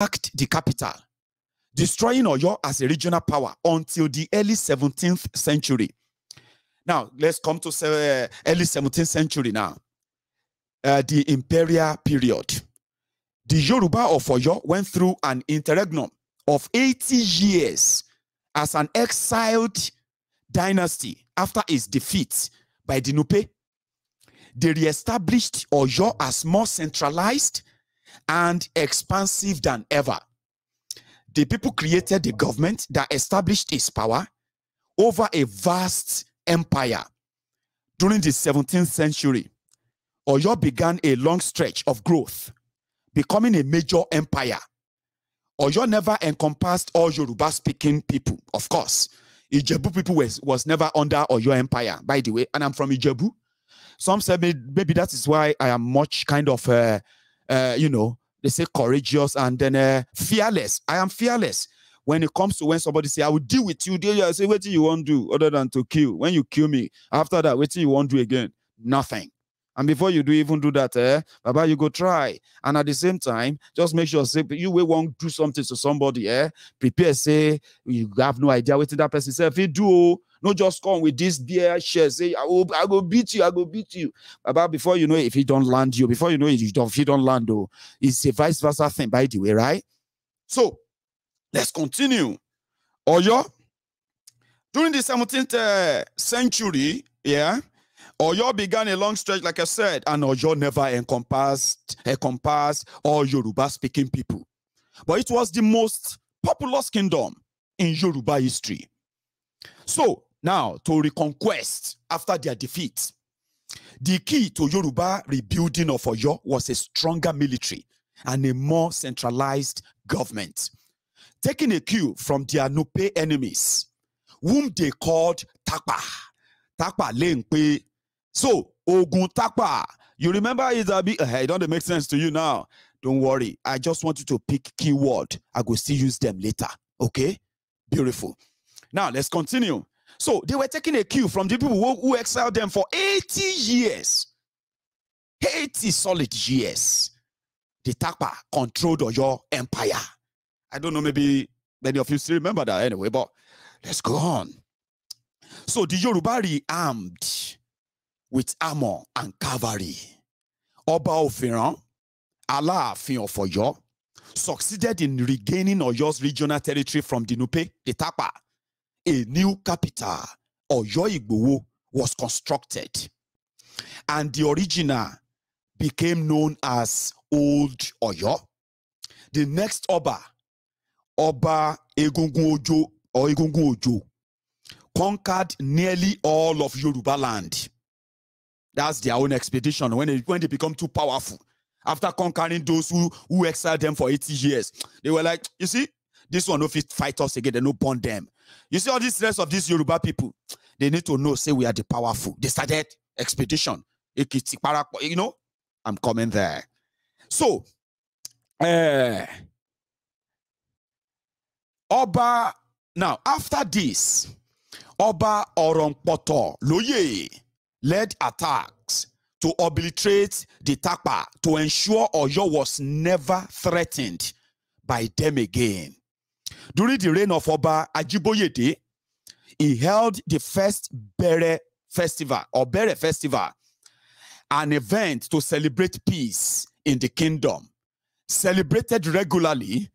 sacked the capital, destroying Oyo as a regional power until the early 17th century. Now, let's come to uh, early 17th century now. Uh, the imperial period. The Yoruba of Oyo went through an interregnum of 80 years as an exiled dynasty after its defeat by the Nupe. They reestablished Oyo as more centralized and expansive than ever. The people created the government that established its power over a vast empire. During the 17th century, Oyo began a long stretch of growth, becoming a major empire. Oyo never encompassed all Yoruba speaking people, of course. Ijebu people was, was never under Oyo Empire, by the way, and I'm from Ijebu. Some said maybe that is why I am much kind of uh, uh, you know, they say courageous and then uh, fearless. I am fearless. When it comes to when somebody say, I will deal with you, they say, what do you want to do other than to kill? When you kill me, after that, what do you want to do again? Nothing. And before you do even do that, eh, Baba, you go try. And at the same time, just make sure say you will want do something to somebody, eh? Prepare, say you have no idea what that person say. If you do, no just come with this beer share. Say, I will, I will beat you. I will beat you. About before you know, it, if he don't land you, before you know, it, you don't, if he don't land, you, oh, it's a vice versa thing, by the way, right? So let's continue. Oyo, during the 17th uh, century, yeah, Oyo began a long stretch, like I said, and Oyo never encompassed, encompassed all Yoruba speaking people. But it was the most populous kingdom in Yoruba history. So now to reconquest after their defeat. The key to Yoruba rebuilding of Oyo was a stronger military and a more centralized government, taking a cue from their Nupe enemies, whom they called Takpa. Takpa Lengpe. So, Ogun Takpa, you remember it, Abi? Hey, eh, don't it make sense to you now? Don't worry. I just want you to pick keyword. I will still use them later. Okay? Beautiful. Now, let's continue. So they were taking a cue from the people who, who exiled them for 80 years. 80 solid years. The Tapa controlled your empire. I don't know, maybe many of you still remember that anyway, but let's go on. So the Yoruba armed with armor and cavalry. Oba Ofiran, Alaafin of Oyo, succeeded in regaining Oyo's regional territory from the Nupe, the Tapa, a new capital, Oyo Igboho, was constructed. And the original became known as Old Oyo. The next Oba, Oba Egungun Ojo or conquered nearly all of Yoruba land. That's their own expedition when they, when they become too powerful. After conquering those who, who exiled them for 80 years, they were like, you see, this one no fit fight us again, they no bond them. You see all these rest of these Yoruba people, they need to know, say we are the powerful. They started expedition. You know, I'm coming there. So, uh, eh, Oba, now after this, Oba Oronpoto Loye led attacks to obliterate the Tapa to ensure Oyo was never threatened by them again. During the reign of Oba Ajiboyede, he held the first Bere Festival or Bere Festival, an event to celebrate peace in the kingdom. Celebrated regularly,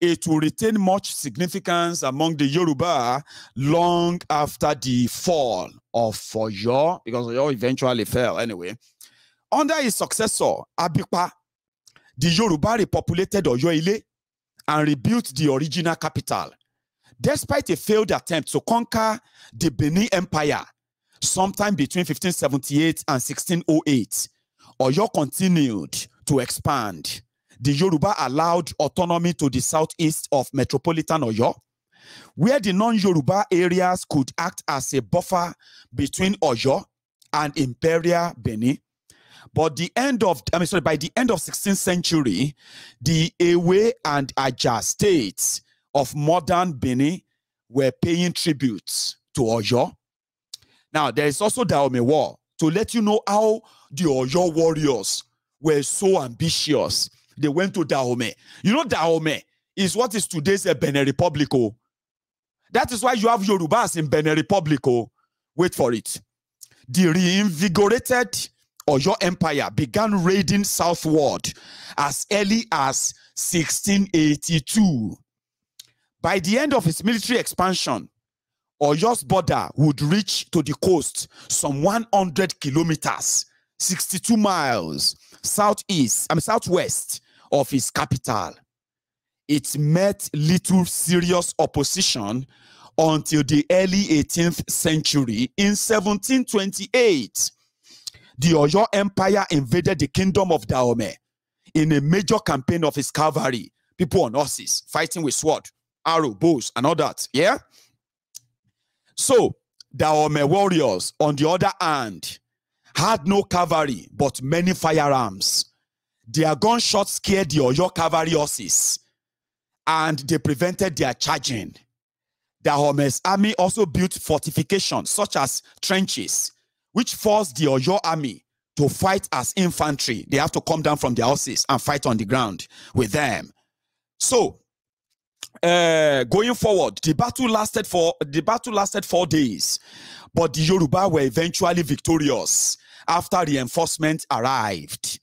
it will retain much significance among the Yoruba long after the fall of Oyo, because Oyo eventually fell anyway. Under his successor, Abipa, the Yoruba repopulated Oyo Ile and rebuilt the original capital. Despite a failed attempt to conquer the Benin Empire sometime between 1578 and 1608, Oyo continued to expand. The Yoruba allowed autonomy to the southeast of metropolitan Oyo, where the non-Yoruba areas could act as a buffer between Oyo and Imperial Benin. But the end of, I mean, sorry, by the end of 16th century, the Ewe and Aja states of modern Benin were paying tributes to Oyo. Now, there is also Daome War to let you know how the Oyo warriors were so ambitious. They went to Dahomey. You know, Dahomey is what is today's Benin Republic. Oh. That is why you have Yorubas in Benin Republic. Oh. Wait for it. The reinvigorated or your empire began raiding southward as early as 1682. By the end of its military expansion, Oyo's border would reach to the coast some 100 kilometers, 62 miles, southeast, I mean, southwest of its capital. It met little serious opposition until the early 18th century in 1728 the Oyo Empire invaded the kingdom of Dahomey in a major campaign of his cavalry, people on horses, fighting with sword, arrow, bows, and all that. Yeah? So, Dahomey warriors, on the other hand, had no cavalry but many firearms. Their gunshots scared the Oyo cavalry horses and they prevented their charging. Dahomey's army also built fortifications such as trenches which forced the Oyo army to fight as infantry. They have to come down from their horses and fight on the ground with them. So, uh, going forward, the battle lasted for the battle lasted four days, but the Yoruba were eventually victorious after reinforcements arrived.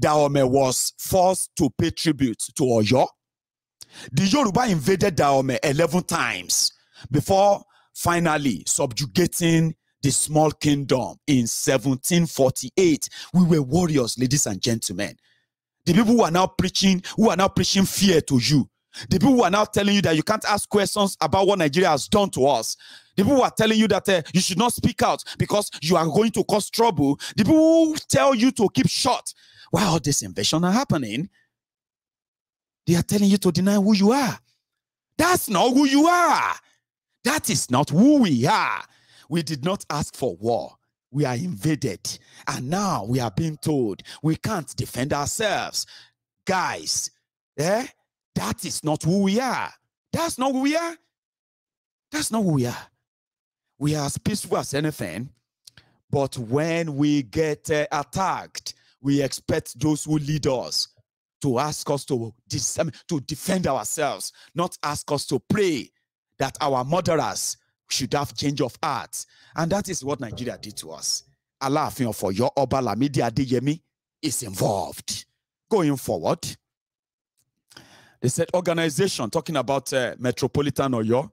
Daome was forced to pay tribute to Oyo. The Yoruba invaded Daome 11 times before finally subjugating the small kingdom in 1748. We were warriors, ladies and gentlemen. The people who are now preaching, who are now preaching fear to you. The people who are now telling you that you can't ask questions about what Nigeria has done to us. The people who are telling you that uh, you should not speak out because you are going to cause trouble. The people who tell you to keep shut. While all this invasion are happening, they are telling you to deny who you are. That's not who you are. That is not who we are. We did not ask for war. We are invaded. And now we are being told we can't defend ourselves. Guys, eh? That is not who we are. That's not who we are. That's not who we are. We are as peaceful as anything. But when we get uh, attacked, we expect those who lead us to ask us to, to defend ourselves, not ask us to pray that our murderers should have change of heart. And that is what Nigeria did to us. laughing for your Oba Lamidi Adeyemi is involved. Going forward, they said organization, talking about uh, Metropolitan Oyo.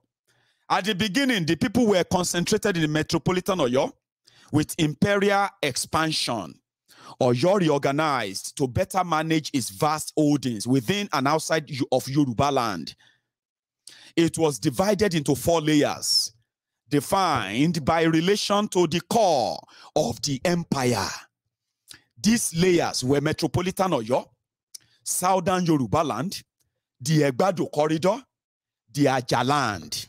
At the beginning, the people were concentrated in Metropolitan Oyo with imperial expansion. Oyo reorganized to better manage its vast holdings within and outside of Yoruba land. It was divided into four layers defined by relation to the core of the empire. These layers were Metropolitan Oyo, Southern Yoruba land, the Egbado corridor, the Aja land.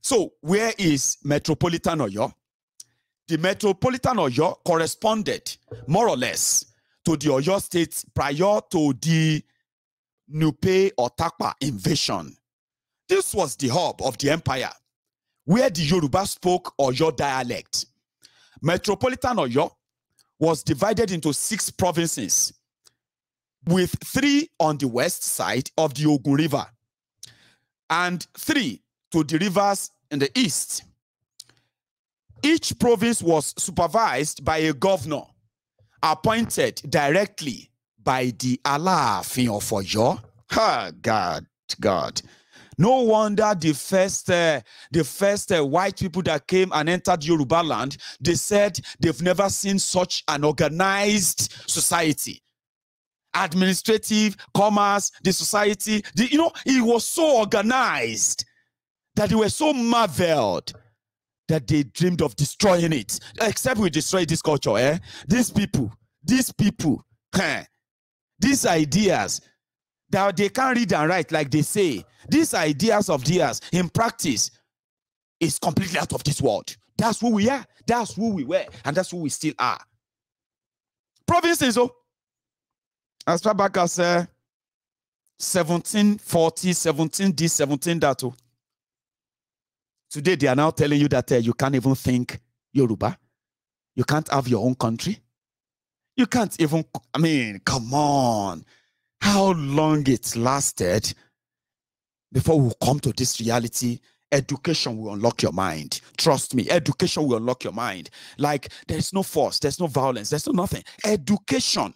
So, where is Metropolitan Oyo? The Metropolitan Oyo corresponded more or less to the Oyo states prior to the Nupe or Takpa invasion. This was the hub of the empire where the Yoruba spoke Oyo dialect. Metropolitan Oyo was divided into six provinces, with three on the west side of the Ogun River and three to the rivers in the east. Each province was supervised by a governor appointed directly by the Alaafin of Oyo. Ah, God, God. No wonder the first, uh, the first uh, white people that came and entered Yoruba land, they said they've never seen such an organized society. Administrative, commerce, the society, the, you know, it was so organized that they were so marveled that they dreamed of destroying it. Except we destroy this culture, eh? These people, these people, these ideas, that they can't read and write like they say. These ideas of theirs in practice is completely out of this world. That's who we are. That's who we were. And that's who we still are. Provinces, oh. As far back as uh, 1740, 17 this, 17 that, oh. Today, they are now telling you that uh, you can't even think Yoruba. You can't have your own country. You can't even, I mean, come on how long it lasted before we come to this reality education will unlock your mind trust me education will unlock your mind like there's no force there's no violence there's no nothing education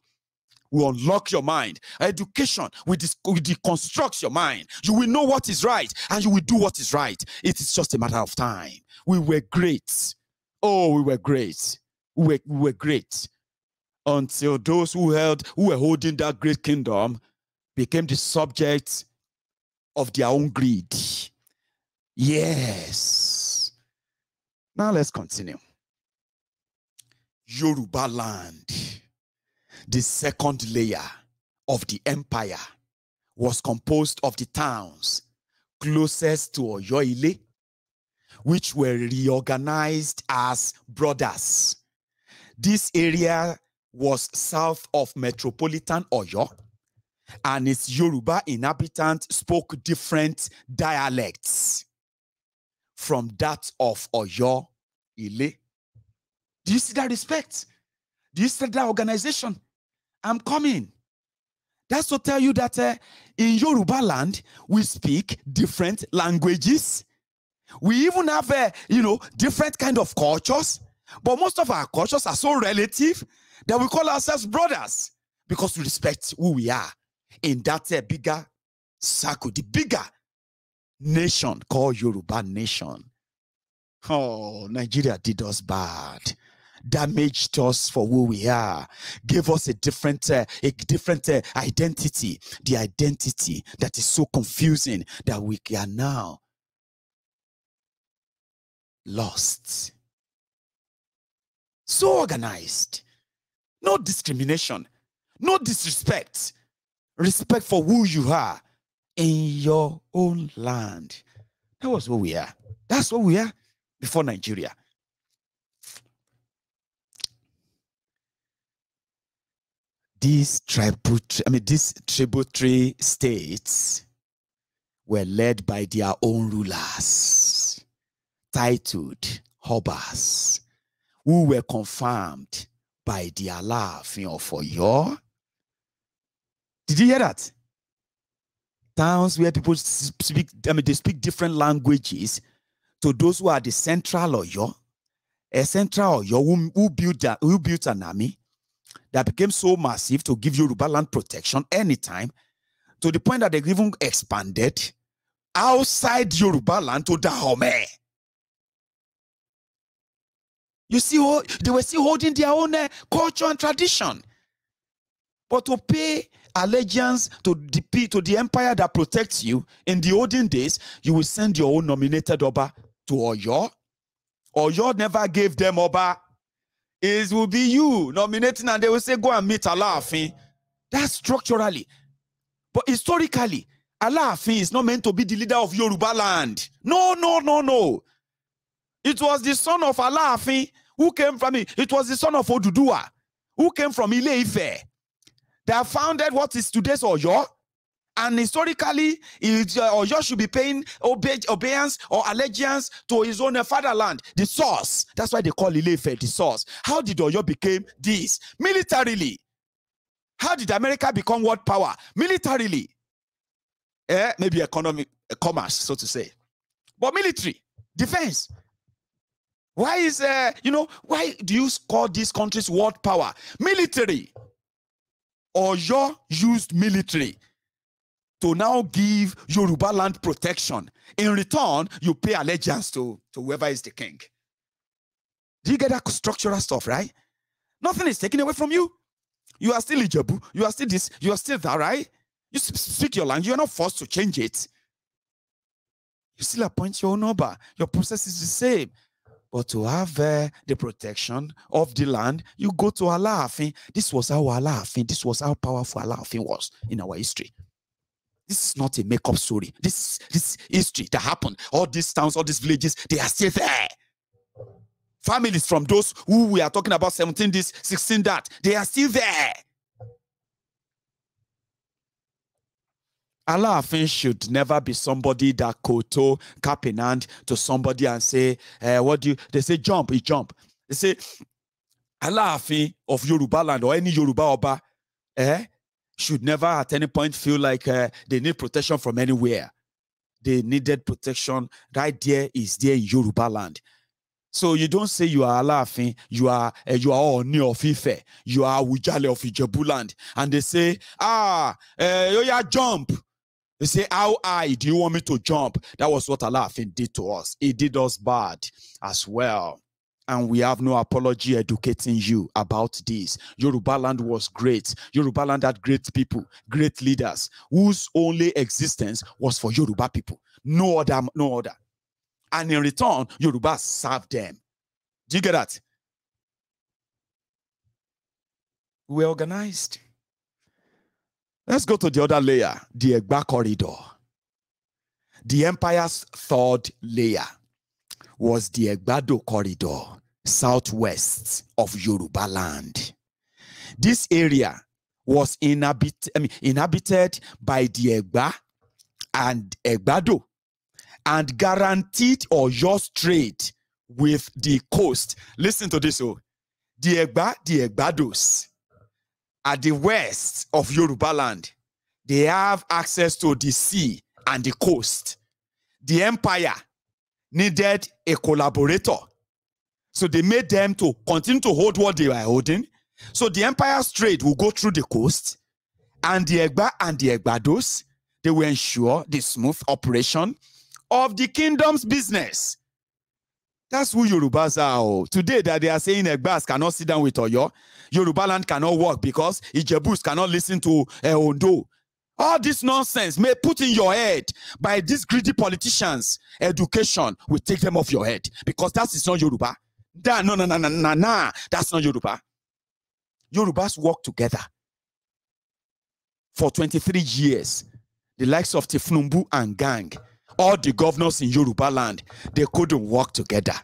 will unlock your mind education will, dis- will deconstruct your mind you will know what is right and you will do what is right it is just a matter of time we were great oh we were great we were, we were great until those who held who were holding that great kingdom became the subjects of their own greed. Yes. Now let's continue. Yoruba land, the second layer of the empire, was composed of the towns closest to Oyoile, which were reorganized as brothers. This area was south of metropolitan Oyo, and its Yoruba inhabitants spoke different dialects from that of Oyo Ile. Do you see that respect? Do you see that organization? I'm coming. That's to tell you that uh, in Yoruba land, we speak different languages. We even have, uh, you know, different kind of cultures. But most of our cultures are so relative that we call ourselves brothers because we respect who we are in that uh, bigger circle, the bigger nation called Yoruba nation. Oh, Nigeria did us bad, damaged us for who we are, gave us a different, uh, a different uh, identity, the identity that is so confusing that we are now lost, so organized no discrimination, no disrespect. Respect for who you are in your own land. That was what we are. That's what we are before Nigeria. These tributary, I mean, these tributary states were led by their own rulers, titled Hobas, who were confirmed by the Alaafin for your. Did you hear that? Towns where people speak, I mean, they speak different languages to those who are the central your, a central Oyo who, who built that, who built an army that became so massive to give Yoruba land protection anytime, to the point that they even expanded outside Yoruba land to Dahomey. You see, they were still holding their own uh, culture and tradition. But to pay allegiance to the, to the empire that protects you in the olden days, you will send your own nominated Oba to Oyo. Oyo never gave them Oba. It will be you nominating, and they will say, Go and meet Alaafin. That's structurally. But historically, Alaafin is not meant to be the leader of Yoruba land. No, no, no, no. It was the son of Alaafin who came from it. It was the son of Odudua who came from Ile-Ife. They have founded what is today's Oyo. And historically, Oyo uh, should be paying obe obedience or allegiance to his own fatherland, the source. That's why they call Ile-Ife the source. How did Oyo become this? Militarily. How did America become world power? Militarily. Eh, maybe economic eh, commerce, so to say. But military, defense. Why is, uh, you know, why do you call these countries world power? Military. Or your used military to now give Yoruba land protection. In return, you pay allegiance to, to whoever is the king. Do you get that structural stuff, right? Nothing is taken away from you. You are still Ijebu. You are still this. You are still that, right? You speak your language. You are not forced to change it. You still appoint your own number. Your process is the same. But to have uh, the protection of the land, you go to Alaafin. This was how Alaafin, this was how powerful Alaafin was in our history. This is not a make-up story. This, this history that happened. All these towns, all these villages, they are still there. Families from those who we are talking about, 17 this, 16 that, they are still there. Alaafin should never be somebody that koto cap in hand to somebody and say, eh, what do you, they say jump, he jump. They say, Alaafin of Yoruba land or any Yoruba Oba eh, should never at any point feel like uh, they need protection from anywhere. They needed protection right there is there in Yoruba land. So you don't say you are laughing, you are uh, you are Oni of Ife, you are Wujale of Ijebu and they say, ah, uh, are jump, they say, How high do you want me to jump? That was what Allah did to us. He did us bad as well and we have no apology educating you about this. Yoruba land was great. Yoruba land had great people, great leaders, whose only existence was for Yoruba people. No other, no other. And in return, Yoruba served them. Do you get that? We organized. Let's go to the other layer, the Egba corridor. The empire's third layer was the Egbado corridor, southwest of Yoruba land. This area was inhabit I mean, inhabited by the Egba and Egbado and guaranteed or just trade with the coast. Listen to this, oh. The Egba, the Egbados at the west of Yoruba land, they have access to the sea and the coast. The empire needed a collaborator. So they made them to continue to hold what they were holding. So the empire's trade will go through the coast and the Egba and the Egbados. They will ensure the smooth operation of the kingdom's business that's who Yorubas are. Oh. Today that they are saying Egbas cannot sit down with Oyo, Yoruba land cannot work because Ijebus cannot listen to uh, Ondo. All this nonsense may put in your head by these greedy politicians. Education will take them off your head because that is not Yoruba. That, no, no, no, no, no, no. That's not Yoruba. Yorubas work together for 23 years. The likes of Tifnumbu and gang, all the governors in Yoruba land, they couldn't work together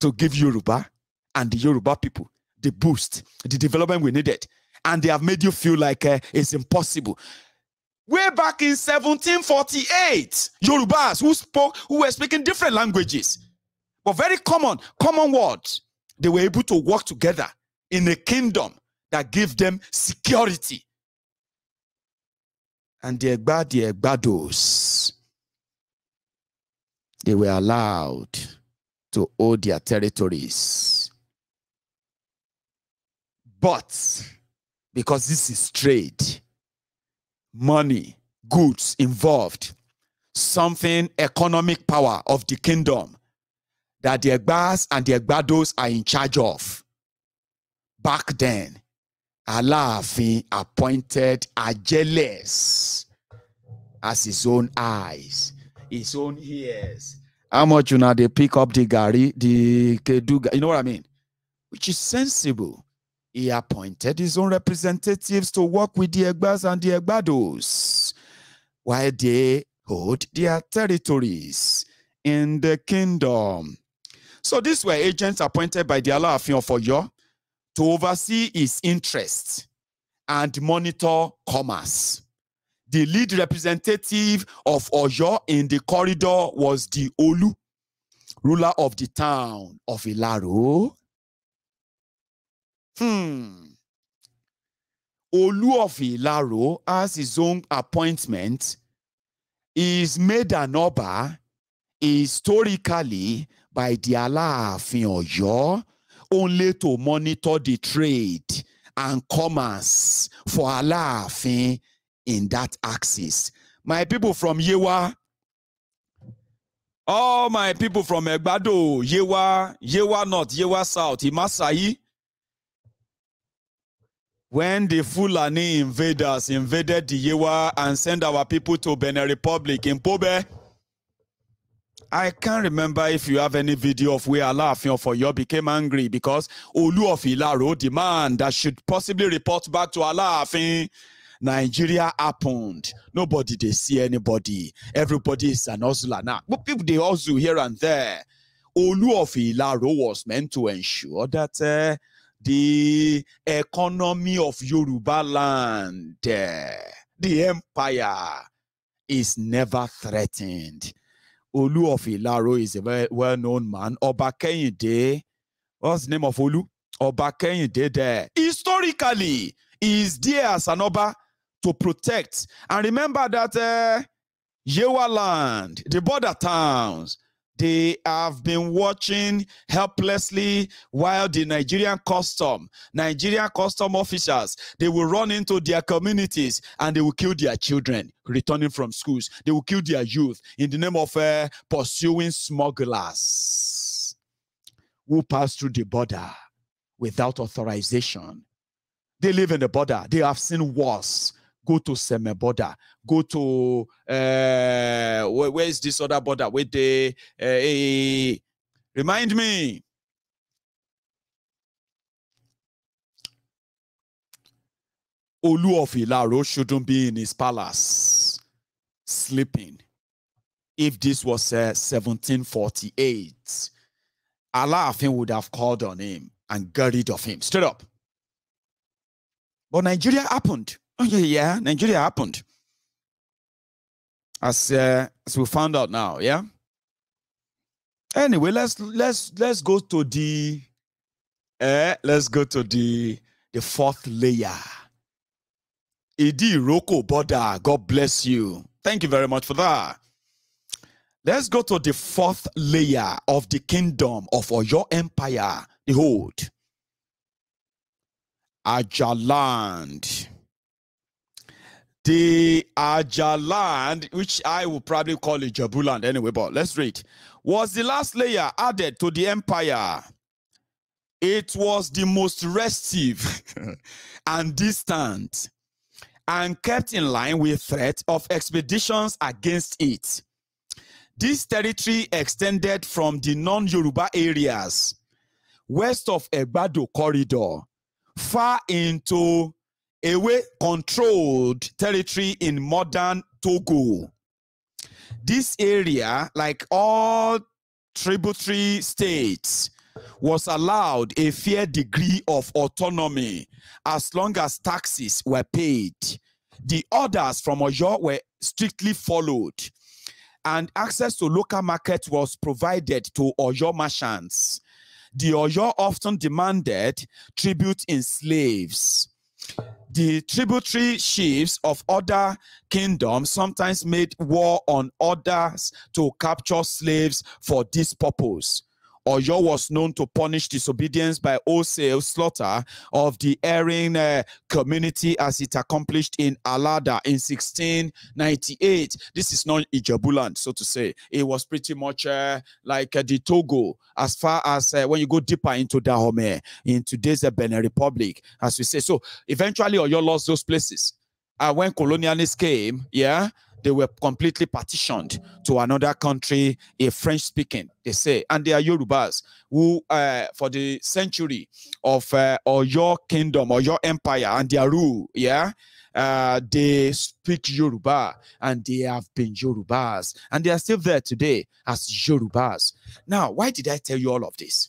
to give Yoruba and the Yoruba people the boost, the development we needed. And they have made you feel like uh, it's impossible. Way back in 1748, Yorubas who spoke, who were speaking different languages, but very common, common words, they were able to work together in a kingdom that gave them security. And the Egba, their Egbados, they were allowed to hold their territories. But because this is trade, money, goods involved, something economic power of the kingdom that the Egbas and the Egbados are in charge of. Back then, Alaafin appointed Ajeles as his own eyes, his own ears, how much you know they pick up the gari, the kedu, you know what I mean? Which is sensible. He appointed his own representatives to work with the Egbas and the Egbados while they hold their territories in the kingdom. So these were agents appointed by the Allah of your to oversee his interests and monitor commerce the lead representative of Oyo in the corridor was the Olu, ruler of the town of Ilaro. Hmm. Olu of Ilaro has his own appointment. He is made an oba historically by the Alaafin Oyo only to monitor the trade and commerce for Alaafin in that axis. My people from Yewa, all my people from Egbado, Yewa, Yewa North, Yewa South, Imasai, when the Fulani invaders invaded the Yewa and sent our people to Benin Republic in Pobe, I can't remember if you have any video of where or for you became angry because Olu of Ilaro, the man that should possibly report back to Alaafin, Nigeria happened. Nobody they see anybody. Everybody is an hustler now. But people they also here and there. Olu of Ilaro was meant to ensure that uh, the economy of Yoruba land, uh, the empire, is never threatened. Olu of Ilaro is a very well-known man. Obakeyide, what's the name of Olu? Obakeyide. there. Historically, is there as an Oba to protect. And remember that uh, Yewa land, the border towns, they have been watching helplessly while the Nigerian custom, Nigerian custom officers, they will run into their communities and they will kill their children returning from schools. They will kill their youth in the name of uh, pursuing smugglers who pass through the border without authorization. They live in the border. They have seen wars go to Seme border, go to uh, where, where is this other border? Where they uh, hey, remind me. Olu of Ilaro shouldn't be in his palace sleeping. If this was uh, eh, 1748, him would have called on him and got rid of him straight up. But Nigeria happened yeah, yeah. Nigeria happened. As, uh, as we found out now, yeah? Anyway, let's let's let's go to the uh, let's go to the the fourth layer. Idi Roko Boda, God bless you. Thank you very much for that. Let's go to the fourth layer of the kingdom of your Empire, the hold. Ajaland. The Ajaland, which I will probably call Jabuland anyway, but let's read, was the last layer added to the empire. It was the most restive and distant and kept in line with threat of expeditions against it. This territory extended from the non-Yoruba areas west of Ebado corridor far into away controlled territory in modern Togo. This area, like all tributary states, was allowed a fair degree of autonomy as long as taxes were paid. The orders from Oyo were strictly followed, and access to local markets was provided to Oyo merchants. The Oyo often demanded tribute in slaves the tributary chiefs of other kingdoms sometimes made war on others to capture slaves for this purpose. Oyo was known to punish disobedience by wholesale slaughter of the erring uh, community as it accomplished in Alada in 1698. This is not Ijebuland, so to say. It was pretty much uh, like uh, the Togo, as far as uh, when you go deeper into Dahomey, in today's Benin Republic, as we say. So eventually, Oyo lost those places. And when colonialists came, yeah, they were completely partitioned to another country, a French speaking, they say. And they are Yorubas who, uh, for the century of uh, or your kingdom or your empire and their rule, yeah, uh, they speak Yoruba and they have been Yorubas and they are still there today as Yorubas. Now, why did I tell you all of this?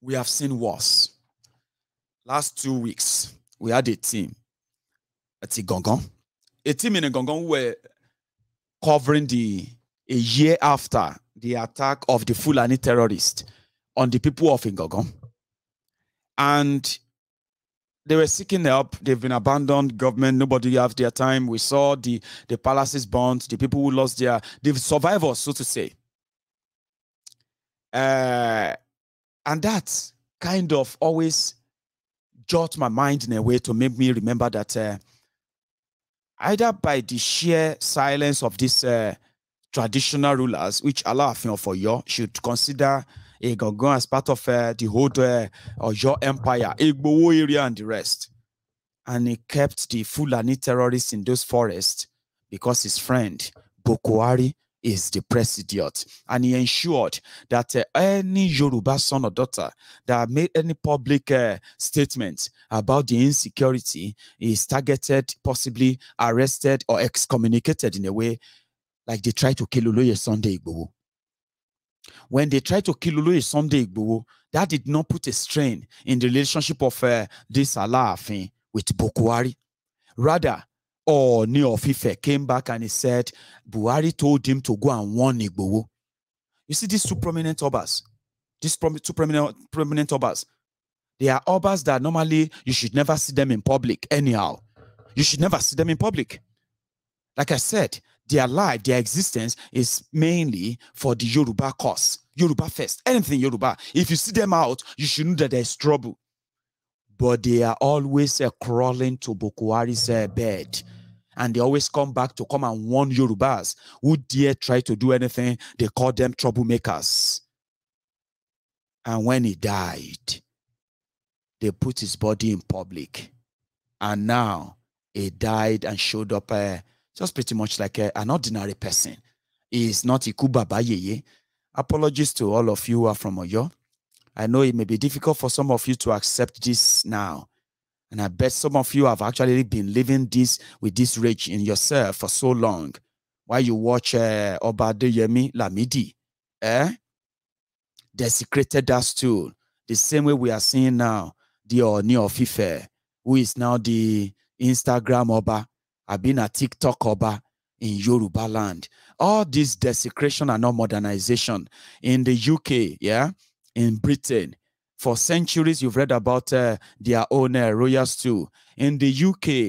We have seen worse. Last two weeks, we had a team at Gongon a team in Ngongong were covering the a year after the attack of the Fulani terrorist on the people of Ngongong. And they were seeking help. They've been abandoned. Government, nobody have their time. We saw the, the palaces burnt, the people who lost their, the survivors, so to say. Uh, and that kind of always jot my mind in a way to make me remember that uh, either by the sheer silence of these uh, traditional rulers, which Allah for you should consider Egongon as part of uh, the whole uh, of your empire, igbo area and the rest. And he kept the Fulani terrorists in those forests because his friend, Bokwari is the president. And he ensured that uh, any Yoruba son or daughter that made any public uh, statement about the insecurity is targeted, possibly arrested or excommunicated in a way like they tried to kill Oloye Sunday Igbo. When they tried to kill Oloye Sunday Igbo, that did not put a strain in the relationship of uh, this Alaafin with Bokwari. Rather, or of Ife came back and he said, Buhari told him to go and warn Igbowo. You see these two prominent obas, these two prominent, prominent obas, they are obas that normally you should never see them in public anyhow. You should never see them in public. Like I said, their life, their existence is mainly for the Yoruba cause, Yoruba first, anything Yoruba. If you see them out, you should know that there's trouble. But they are always uh, crawling to Bokuari's uh, eh, bed and they always come back to come and warn Yorubas who dare try to do anything. They call them troublemakers. And when he died, they put his body in public. And now he died and showed up uh, just pretty much like a, eh, an ordinary person. He is not kuba bayeye. Apologies to all of you who are from Oyo. I know it may be difficult for some of you to accept this now, and I bet some of you have actually been living this with this rage in yourself for so long. While you watch uh, Yemi Lamidi, eh? Desecrated eh? that too, The same way we are seeing now the Oni of who is now the Instagram Oba, I've been a TikTok Oba in Yoruba land. All this desecration and all modernization in the UK, yeah, in Britain, for centuries, you've read about uh, their own uh, too. In the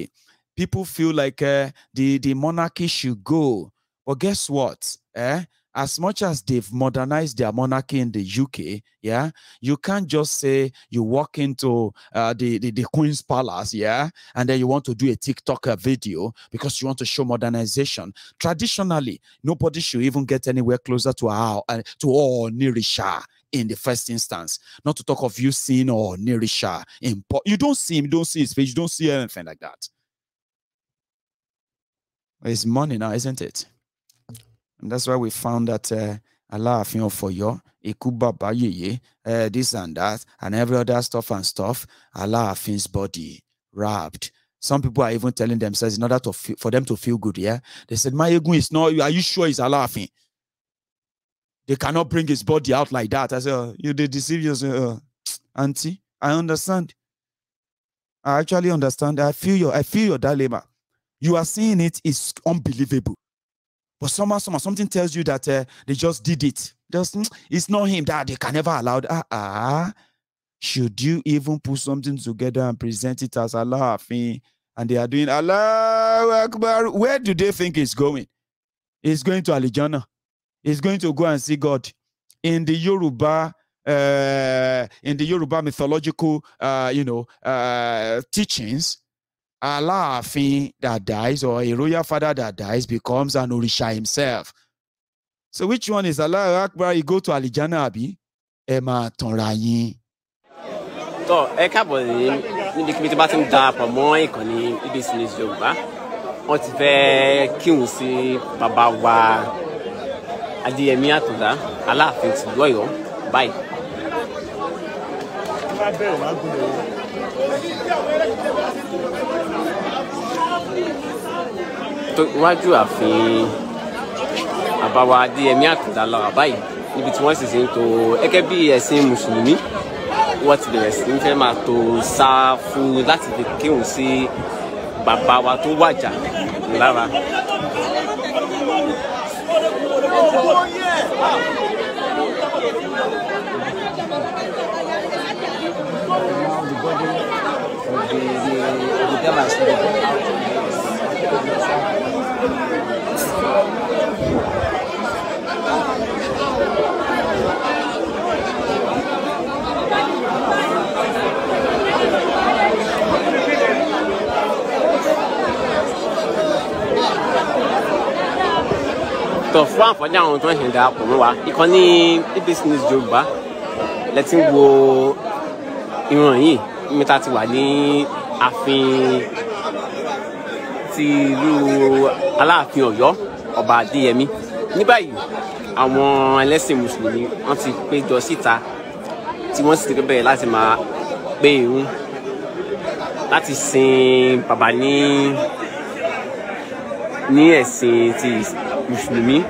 UK, people feel like uh, the, the monarchy should go. But guess what? Eh? As much as they've modernized their monarchy in the UK, yeah, you can't just say you walk into uh, the, the, the Queen's Palace, yeah, and then you want to do a TikTok uh, video because you want to show modernization. Traditionally, nobody should even get anywhere closer to our uh, to our Nirisha in the first instance. Not to talk of you seeing or Nirisha. You don't see him, you don't see his face, you don't see anything like that. It's money now, isn't it? And that's why we found that uh, Allah you know, for you, uh, this and that, and every other stuff and stuff. Allah Afin's body wrapped. Some people are even telling themselves in order to for them to feel good. Yeah, they said, "My ego is not. Are you sure it's Allah Afin?" They cannot bring his body out like that. I said, oh, you they deceive yourself. Uh, auntie, I understand. I actually understand. I feel your I feel your dilemma. You are seeing it is unbelievable. But somehow, somehow, something tells you that uh, they just did it. Just mm, it's not him that they can never allow. Ah, uh -uh. Should you even put something together and present it as Allah thing? And they are doing Allah Akbar. Where do they think it's going? It's going to Alijana. is going to go and see God in the Yoruba uh, in the Yoruba mythological uh, you know uh, teachings. Alaafin that dies or a royal father that dies becomes an Orisha himself. So which one is Allah Akbar? You go to Alijana Abi, ẹ máa tanra yín. tọ ẹ káàbọ̀ ní níbi tí bá ti ń darapọ̀ mọ́ ìkànnì BBC News Yorùbá wọ́n adéyẹmí àtúndá aláàfin tìlú ọ̀yọ́ báyìí. iwájú ààfin àbáwá adéyẹmí àtúndá lára báyìí níbi tí wọ́n sì ti ń tò gẹ́gẹ́ bí ẹ̀sìn mùsùlùmí wọ́n ti bẹ̀rẹ̀ sí ń fẹ́ máa tò sáfù láti fi kírun sí bàbá wa tó wàjà lára Now the body tó fún àǹfààní àwọn tó ń ṣe ìdarapọ̀ mọ́ wa ìkànnì ABC News Yorùbá lẹ ti ń wo ìran yìí mi ta ti wà ní ààfin ti ìlú aláàfin Ọ̀yọ́ ọba Adéyẹmí ní báyìí àwọn ẹlẹ́sìn mùsùlùmí wọ́n ti péjọ síta tí wọ́n sì ti bẹ̀rẹ̀ láti máa pé irun láti sin bàbá ní ní ẹ̀sìn ti muslimi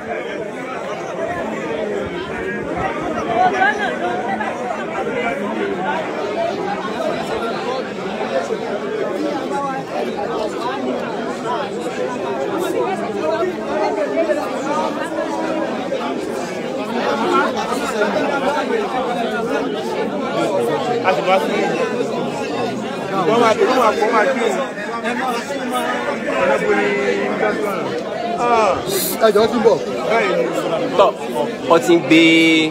ti ń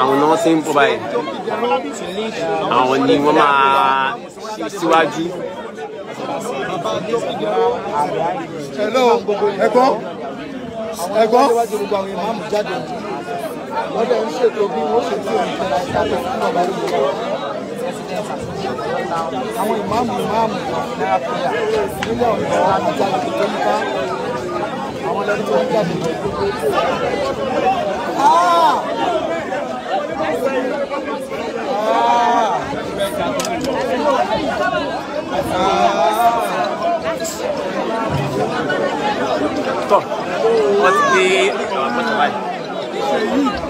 àwọn náà ṣe ń bọ̀ báyìí àwọn ni wọ́n máa ṣe ẹ̀gbọ́n ẹ̀gbọ́n wọ́n dẹ̀ ń ṣètò bí wọ́n ṣe tí òun fẹ́ra ìdájọ́ fún bàbá ìlú wa. àwọn ìmáàmù ìmáàmù náírà pẹ̀lá nílẹ̀ ọ̀nà àbújá ìlú tó ń bá àwọn ẹlẹ́ni tó ń jáde lọ. Tọ́, wọ́n ti gbé ọ̀pọ̀ tó báyìí.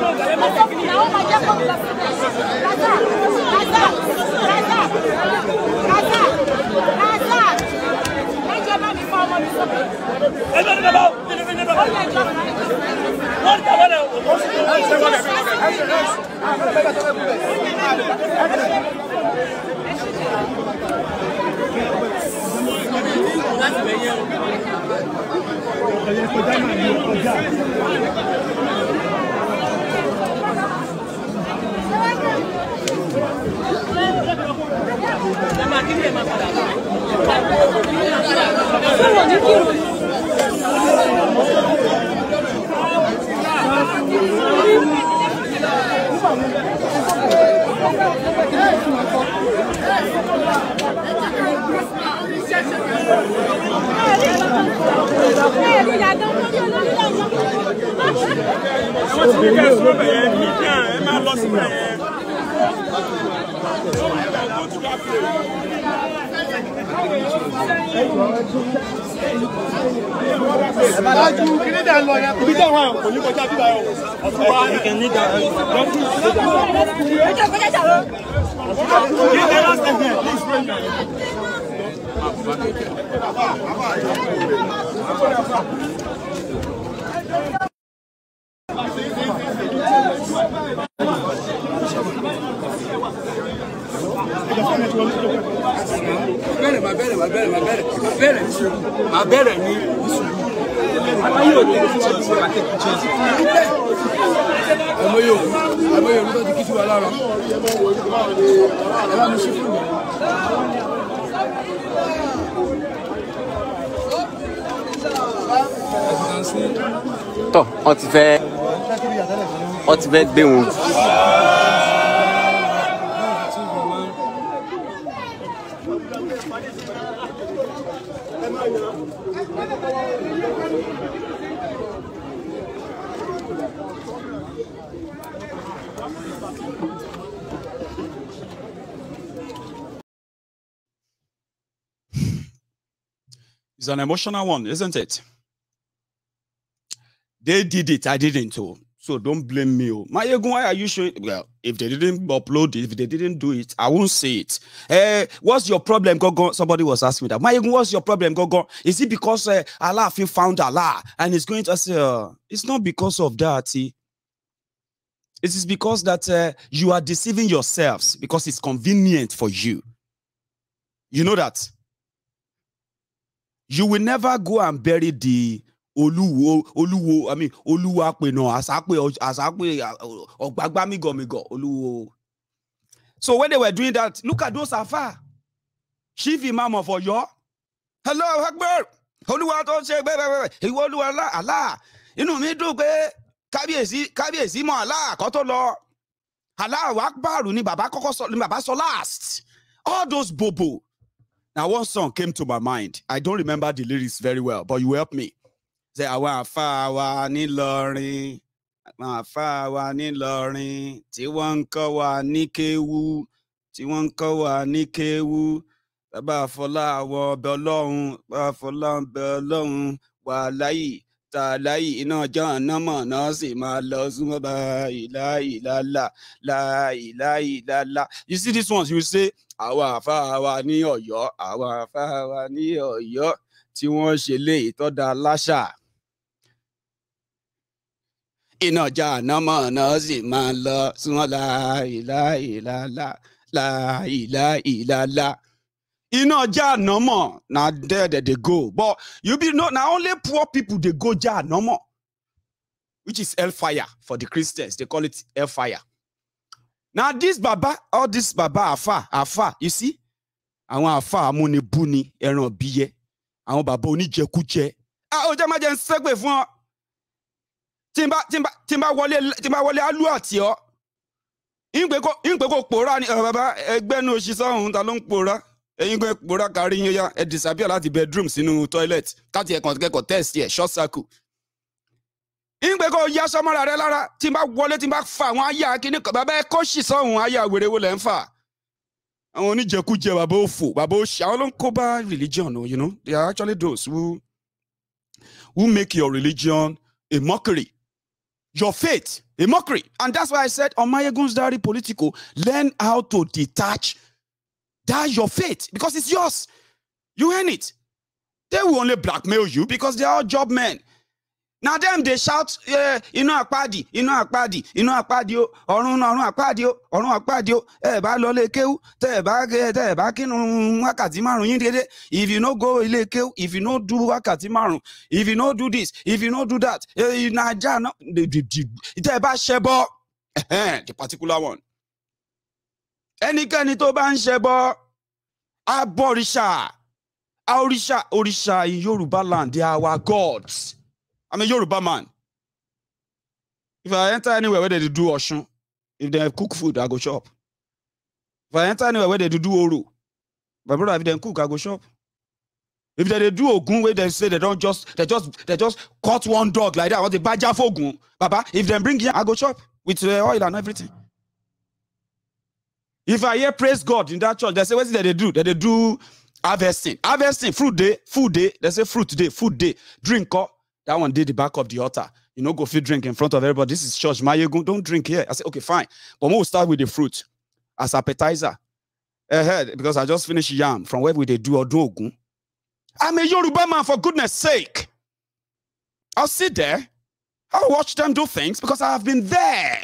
Gracias. Ẹ máa lọ síbẹ̀ yẹn. Ìbálájú kìíní ìṣòro màá bẹ̀rẹ̀ ní ìṣòro àbáyé òní ti ṣe ọmọ yòó ọmọ yòó ló wa lára ẹ bá mi ṣe fún mi. tọ́ ọ ti fẹ́ ọ ti fẹ́ gbé It's an emotional one, isn't it? They did it. I didn't. Oh. So don't blame me. Oh. My ego, why are you showing? Well, if they didn't upload it, if they didn't do it, I won't say it. Eh, what's your problem, Gogo? Somebody was asking me that. My ego, what's your problem, Gogo? Is it because uh, Allah you found Allah and he's going to say, uh, it's not because of that. He. Eh. It is because that uh, you are deceiving yourselves because it's convenient for you. You know that. you will never go and bury the olúwo olúwo i mean olúwo apènà àsápè àsápè mi mígọ̀mígọ̀ olúwo. so when they were doing that look at those afar chief imam of Oyo, hello akbar olúwa tó ṣe gbẹgbẹgbẹ ìwọ olúwa Allah inú mi dùn pé kábíyèsí kábíyèsí mọ Allah kó tó lọ Allah akbar ni bàbá kọ́kọ́ sọ ni bàbá sọ last all those bobo Now, one song came to my mind. I don't remember the lyrics very well, but you help me. Say, I want fire, ni learning. máa fà wá nílọrin tí wọ́n ń kọ́ wa ní kéwú tí wọ́n ń kọ́ wa ní kéwú bàbá àfọlá àwọn ọbẹ̀ ọlọ́run bàbá àfọlá ọbẹ̀ ọlọ́run wà láyìí tàláì iná jọ̀nàmọ̀ náà sì máa lọ súnmọ́ bá ìláìlálà láìláìlálà. You see this one you say àwa àfáà wa ní Ọ̀yọ́ àwa àfáà wa ní Ọ̀yọ́ tí wọ́n ṣe lé ìtọ́da láṣà iná jọ̀nàmọ̀ náà sì máa lọ súnmọ́ láìláìlálà láìláìlálà iná jahannama na there they dey go but you be no na only poor people dey go jahannama which is hellfire for the christians they call it hellfire na this baba all this baba afa afa you see àwọn afa amúnibúni ẹran bíyẹ àwọn baba oníjẹkújẹ ah ó jẹ́ má jẹ́ ń ṣépè fún ọ tí n bá tí n bá tí n bá wọlé tí n wọlé alú àti ọ ìpè kó ìpè kó pòórá ni baba ẹgbẹ́ nu òṣìṣẹ́ ọ̀hún ta ló ń pòórá ẹ̀yin gan pòórá kárí yín yá ẹ disappear láti bedroom sínú toilet káti ẹ̀kan kẹ́kọ̀ọ́ test yẹ short circle. ìgbẹ́ kó yá sọ́mọ́ra rẹ lára tí n bá wọlé tí n bá fa àwọn aya kínní kan bàbá ẹ kọ́ sì sọ́hun aya wèrè wo lẹ́ ń fà. àwọn oníjẹkújẹ bàbá òfò bàbá òṣì àwọn ló ń kó bá religion o you know they are actually those who who make your religion a mockery your faith a mockery and that's why I said on Mayegun's Diary Politico learn how to detach That's your faith because it's yours. You earn it. They will only blackmail you because they are job men. Now them they shout, eh, iná àpáàdì, iná àpáàdì, iná àpáàdì o, ọ̀run ọ̀run àpáàdì o, ọ̀run àpáàdì o, ẹ ba, lọ ilé kéwú, tẹ ẹ bá eh, tẹ ẹ bá kírun wákàtí márùn If you no go ilé if you no do wákàtí marun, if you no do this, if you no do that, eh, Naija no, tẹ ẹ bá ṣẹbọ, the particular one. any kind bá ń ṣẹbọ. Aborisha. Orisha, Orisha in Yoruba land, they are our gods. I'm a Yoruba man. If I enter anywhere where they do Oshun, if they cook food, I go shop. If I enter anywhere where they do Oru, my brother, if they cook, I go shop. If they, they do Ogun, where they say they don't just, they just, they just cut one dog like that, or they for Ogun, Baba, if they bring here, I go shop with the uh, oil and everything. If I hear praise God in that church, they say, what is that they do? That they do harvesting. Harvesting, fruit day, food day. They say fruit day, food day. Drink up. That one did the back of the altar. You know, go feed drink in front of everybody. This is church. Mayegun, don't drink here. I say, okay, fine. But we'll start with the fruit as appetizer. Ahead, because I just finished yam from where we they do Odun Ogun. I'm a Yoruba man, for goodness sake. I'll sit there. I'll watch them do things because I have been there.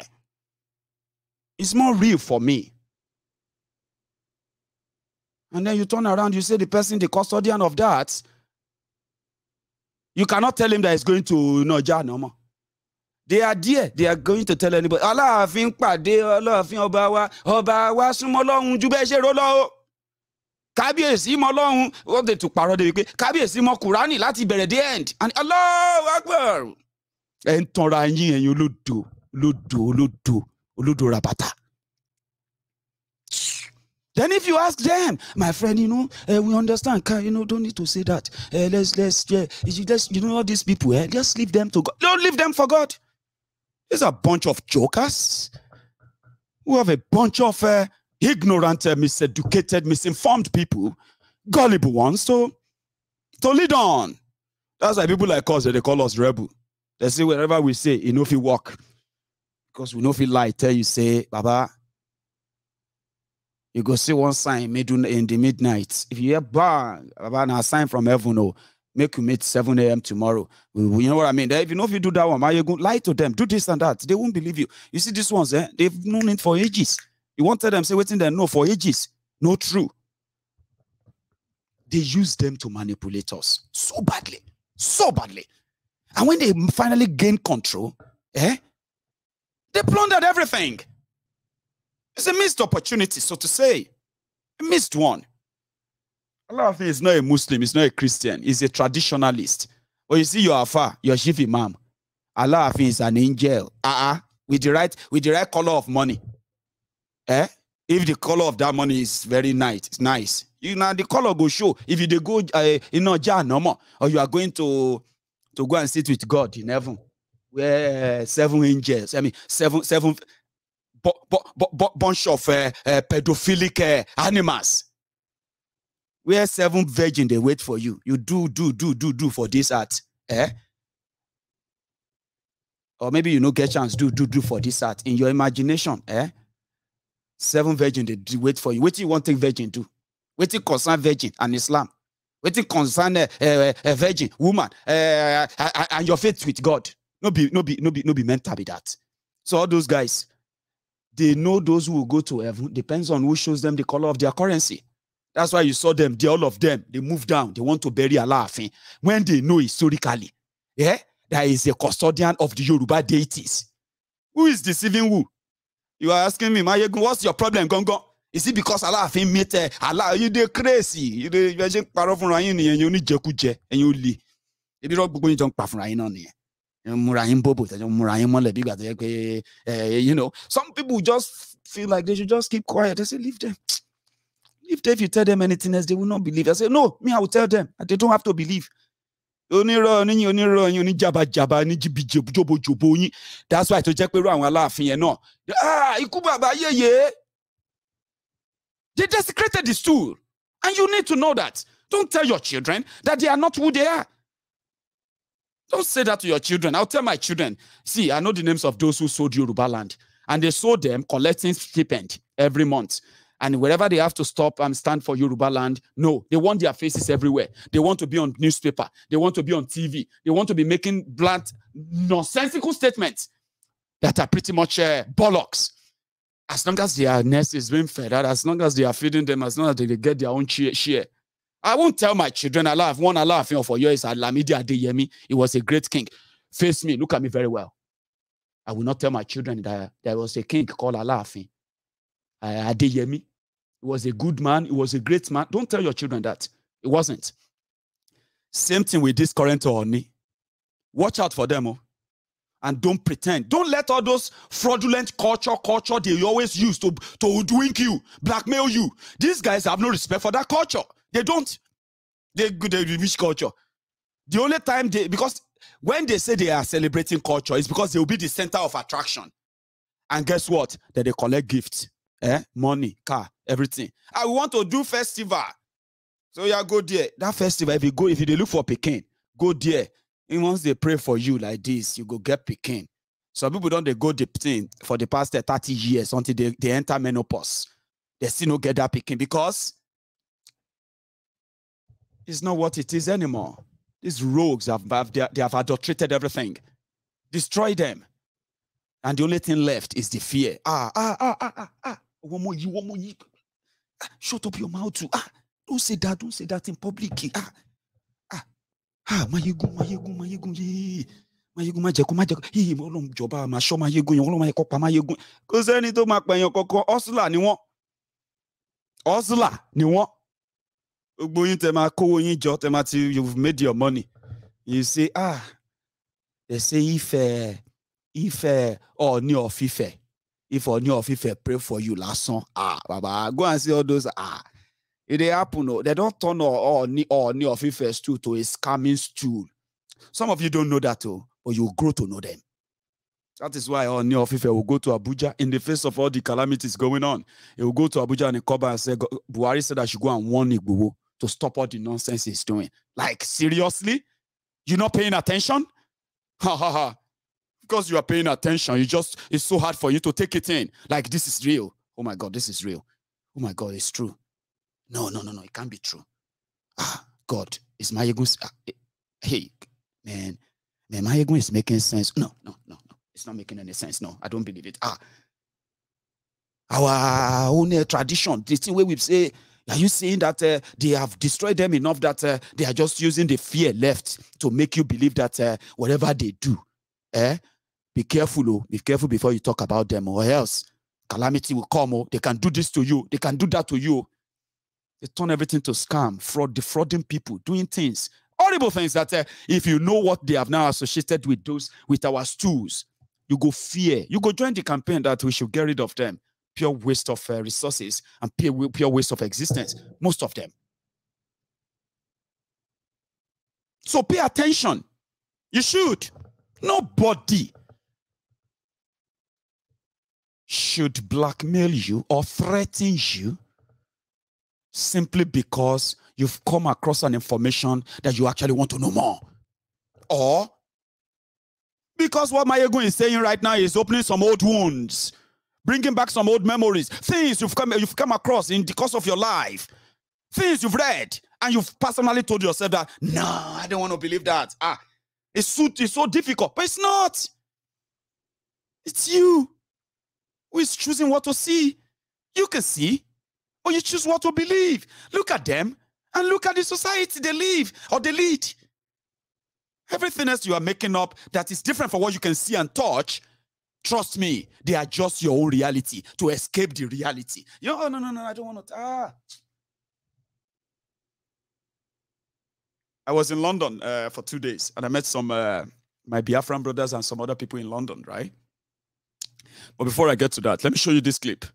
It's more real for me. And then you turn around, you say the person, the custodian of that, you cannot tell him that he's going to noja no more. They are there. They are going to tell anybody. Aláàfin pàdé Aláàfin ọba wa ọba wa súnmọ́ lọ́hùn ju bẹ́ẹ̀ ṣe rò lọ́wọ́. Kábíyèsí mọ lọ́hùn ó lè tún parọ́ débi pé kábíyèsí mọ Kùránì láti bẹ̀rẹ̀ dé end. And Allah Akbar. Ẹ ń tanra yín ẹ̀yin olódo olódo olódo rabata. Then if you ask them, my friend, you know, uh, we understand. Can, you know, don't need to say that. Uh, let's let's yeah, you just you know all these people. Eh? Just leave them to God. Don't leave them for God. It's a bunch of jokers We have a bunch of uh, ignorant, miseducated, misinformed people, gullible ones. So to lead on. That's why people like us they call us rebel. They say whatever we say, you know if you walk. Because we know if you lie, tell you say, Baba, you go see one sign mid in the midnight. If you hear bang about a sign from heaven, oh, make you meet 7 a.m. tomorrow. You know what I mean? If you know if you do that one, you to lie to them, do this and that. They won't believe you. You see, these ones, eh? they've known it for ages. You won't tell them, say, waiting there, no, for ages. No true. They use them to manipulate us so badly, so badly. And when they finally gain control, eh? They plundered everything. It's a missed opportunity, so to say. A missed one. A lot of things. He's not a Muslim. He's not a Christian. He's a traditionalist. Or oh, you see your you your chief imam. of is an angel. Uh-uh. With the right, with the right color of money. Eh? If the color of that money is very nice, it's nice. You know, the color go show. If you they go uh, know, a no more, or you are going to to go and sit with God in heaven, where seven angels, I mean seven seven bu bu bu bunch of uh, uh, pedophilic eh, animals where seven virgin they wait for you. You do, do, do, do, do for this art. Eh? Or maybe you know get chance, do, do, do for this art. In your imagination, eh? Seven virgin they wait for you. What do you want to virgin do? What do concern virgin and Islam? What do concern a virgin woman uh, and your faith with God? No be, no be, no be, no be mental be that. So all those guys, they know those who will go to heaven depends on who shows them the color of their currency. That's why you saw them, they all of them, they move down, they want to bury Alaafin when they know historically, yeah, that is a custodian of the Yoruba deities. Who is deceiving who? You are asking me, My, what's your problem, Gongo? Is it because Alaafin met uh, eh, Allah? You dey crazy. You dey you ṣe ń parọ́ fúnra yín nìyẹn, ẹ̀yin oníjẹkújẹ, ẹ̀yin olè. Ebi rọ gbogbo múra yín bòbò tẹ́jọ́ múra mọ́lẹ̀ bí you know some people just feel like they should just keep quiet I say leave them if they, if you tell them anything else they will not believe I say no me I will tell them they don't have to believe that's why tó jẹ́ pé irú laughing. aláàfin yẹn náà ah, ikú bàbá yéye they desecrated this tool, and you need to know that don't tell your children that they are not who they are don't say that to your children. I'll tell my children, see, I know the names of those who sold Yoruba land, and they sold them collecting stipend every month. And wherever they have to stop and stand for Yoruba land, no, they want their faces everywhere. They want to be on newspaper. They want to be on TV. They want to be making blunt, nonsensical statements that are pretty much uh, bollocks. As long as their nest is being fed as long as they are feeding them, as long as they get their own share, I won't tell my children I laugh. One I laugh You know, for years, Lamidi Adeyemi. He was a great king. Face me. Look at me very well. I will not tell my children that there was a king called Alafin Adeyemi. He was a good man. He was a great man. Don't tell your children that. It wasn't. Same thing with this current Oni. Watch out for them. Oh. And don't pretend. Don't let all those fraudulent culture, culture they always use to, to wink you, blackmail you. These guys have no respect for that culture. They don't. They good. They reach culture. The only time they because when they say they are celebrating culture, it's because they will be the center of attraction. And guess what? That they collect gifts, eh? money, car, everything. I ah, want to do festival. So yeah, go there. That festival, if you go, if you look for Pekin, go there. And once they pray for you like this, you go get Pekin. Some people don't they go the thing for the past 30 years until they, they enter menopause. They still no get that Pekin because is not what it is anymore. These rogues have, have they, have adulterated everything. Destroy them. And the only thing left is the fear. Ah, ah, ah, ah, ah, ah. One more you, one more you. Ah, shut up your mouth too. Ah, don't say that, don't say that in public. Ah, ah, ah, mayegun, mayegun, mayegun, yee. mayegun má jẹkun má jẹkun yìí Ọlọ́run jọba máa ṣọ́ mayegun yẹn Ọlọ́run tó máa pẹ̀yàn kankan ọsùlà ni wọ́n ọsùlà ni wọ́n you've made your money you say ah they say if uh, if or new of Ifẹ̀ if new of Ifẹ̀ pray for you song. ah baba go and see all those ah it happen o oh. they don't turn or new of Ifẹ̀ stool to a scamming stool some of you don't know that o oh, but you grow to know them That is why all new officer will go to Abuja in the face of all the calamities going on. He will go to Abuja and Koba and say, Buhari said I should go and warn Igbo to stop all the nonsense he's doing. Like, seriously? You're not paying attention? Ha ha ha. Because you are paying attention, you just, it's so hard for you to take it in. Like, this is real. Oh my God, this is real. Oh my God, it's true. No, no, no, no, it can't be true. Ah, God, is my ego, ah, eh, hey, man, man, my ego is making sense. No, no, no, no, it's not making any sense. No, I don't believe it. Ah, our own eh, tradition, this thing where we say, are you seeing that uh, they have destroyed them enough that uh, they are just using the fear left to make you believe that uh, whatever they do, eh? Be careful, oh, be careful before you talk about them, or else calamity will come. Oh, they can do this to you, they can do that to you. They turn everything to scam, fraud, defrauding people, doing things, horrible things that uh, if you know what they have now associated with those with our stools, you go fear, you go join the campaign that we should get rid of them pure waste of uh, resources and pure, pure waste of existence, most of them. So pay attention. You should. Nobody should blackmail you or threaten you simply because you've come across an information that you actually want to know more. Or because what Mayegun is saying right now is opening some old wounds bringing back some old memories, things you've come, you've come across in the course of your life, things you've read, and you've personally told yourself that, no, I don't want to believe that. Ah, it's so, it's so difficult, but it's not. It's you who is choosing what to see. You can see, or you choose what to believe. Look at them and look at the society they live or they lead. Everything else you are making up that is different from what you can see and touch Trust me, they are just your own reality to escape the reality. You know, oh, no, no, no, I don't want to. Ah. I was in London uh, for two days and I met some, uh, my Biafran brothers and some other people in London, right? But before I get to that, let me show you this clip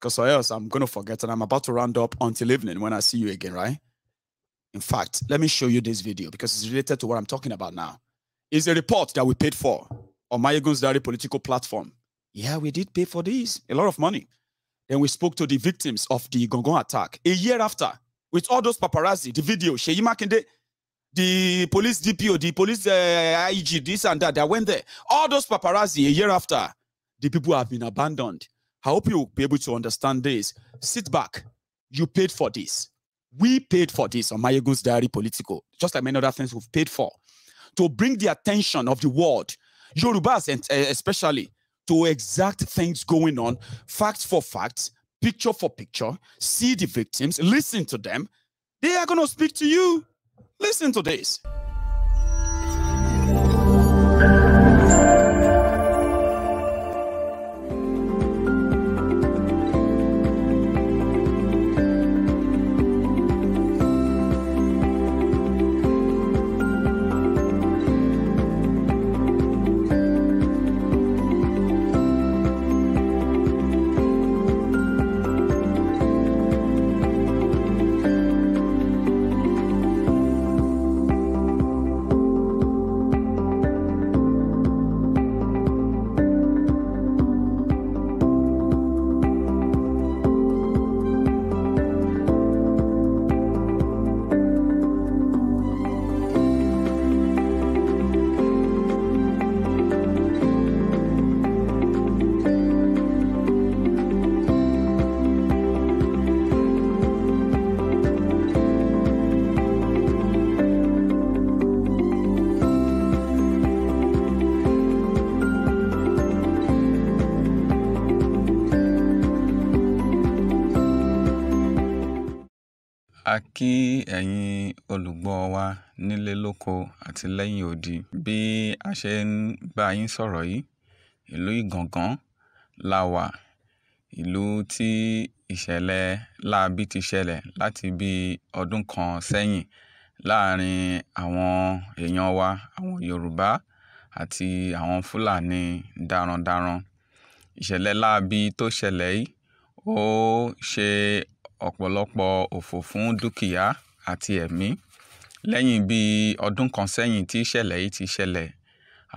because or else I'm going to forget and I'm about to round up until evening when I see you again, right? In fact, let me show you this video because it's related to what I'm talking about now. It's a report that we paid for Omayegun's diary political platform. Yeah, we did pay for this, a lot of money. Then we spoke to the victims of the Gongon attack. A year after, with all those paparazzi, the video, Sheyi Makinde, the police DPO, the police uh, eh, IG, this and that, that went there. All those paparazzi, a year after, the people have been abandoned. I hope you'll be able to understand this. Sit back. You paid for this. We paid for this on Mayegun's Diary Political, just like many other things we've paid for, to bring the attention of the world Yorubas eh, especially, to exact things going on, fact for fact, picture for picture, see the victims, listen to them. They are going to speak to you. Listen to this. kí ẹ̀yin olùgbọ́ wa nílé lóko àti lẹ́yìn odi bí a ṣe ń bá yín sọ̀rọ̀ yìí ìlú ìgangan la wà ìlú tí ìṣẹ̀lẹ̀ láabi ti ṣẹlẹ̀ láti bí ọdún kan sẹ́yìn láàárín àwọn èèyàn wa àwọn yorùbá àti àwọn fúlàní darandaran ìṣẹ̀lẹ̀ láabi tó ṣẹlẹ̀ yìí ó ṣe ọ̀pọ̀lọpọ̀ òfò fún dúkìá àti ẹ̀mí lẹ́yìn bí ọdún kan sẹ́yìn tí ìṣẹ̀lẹ̀ yìí ti ṣẹlẹ̀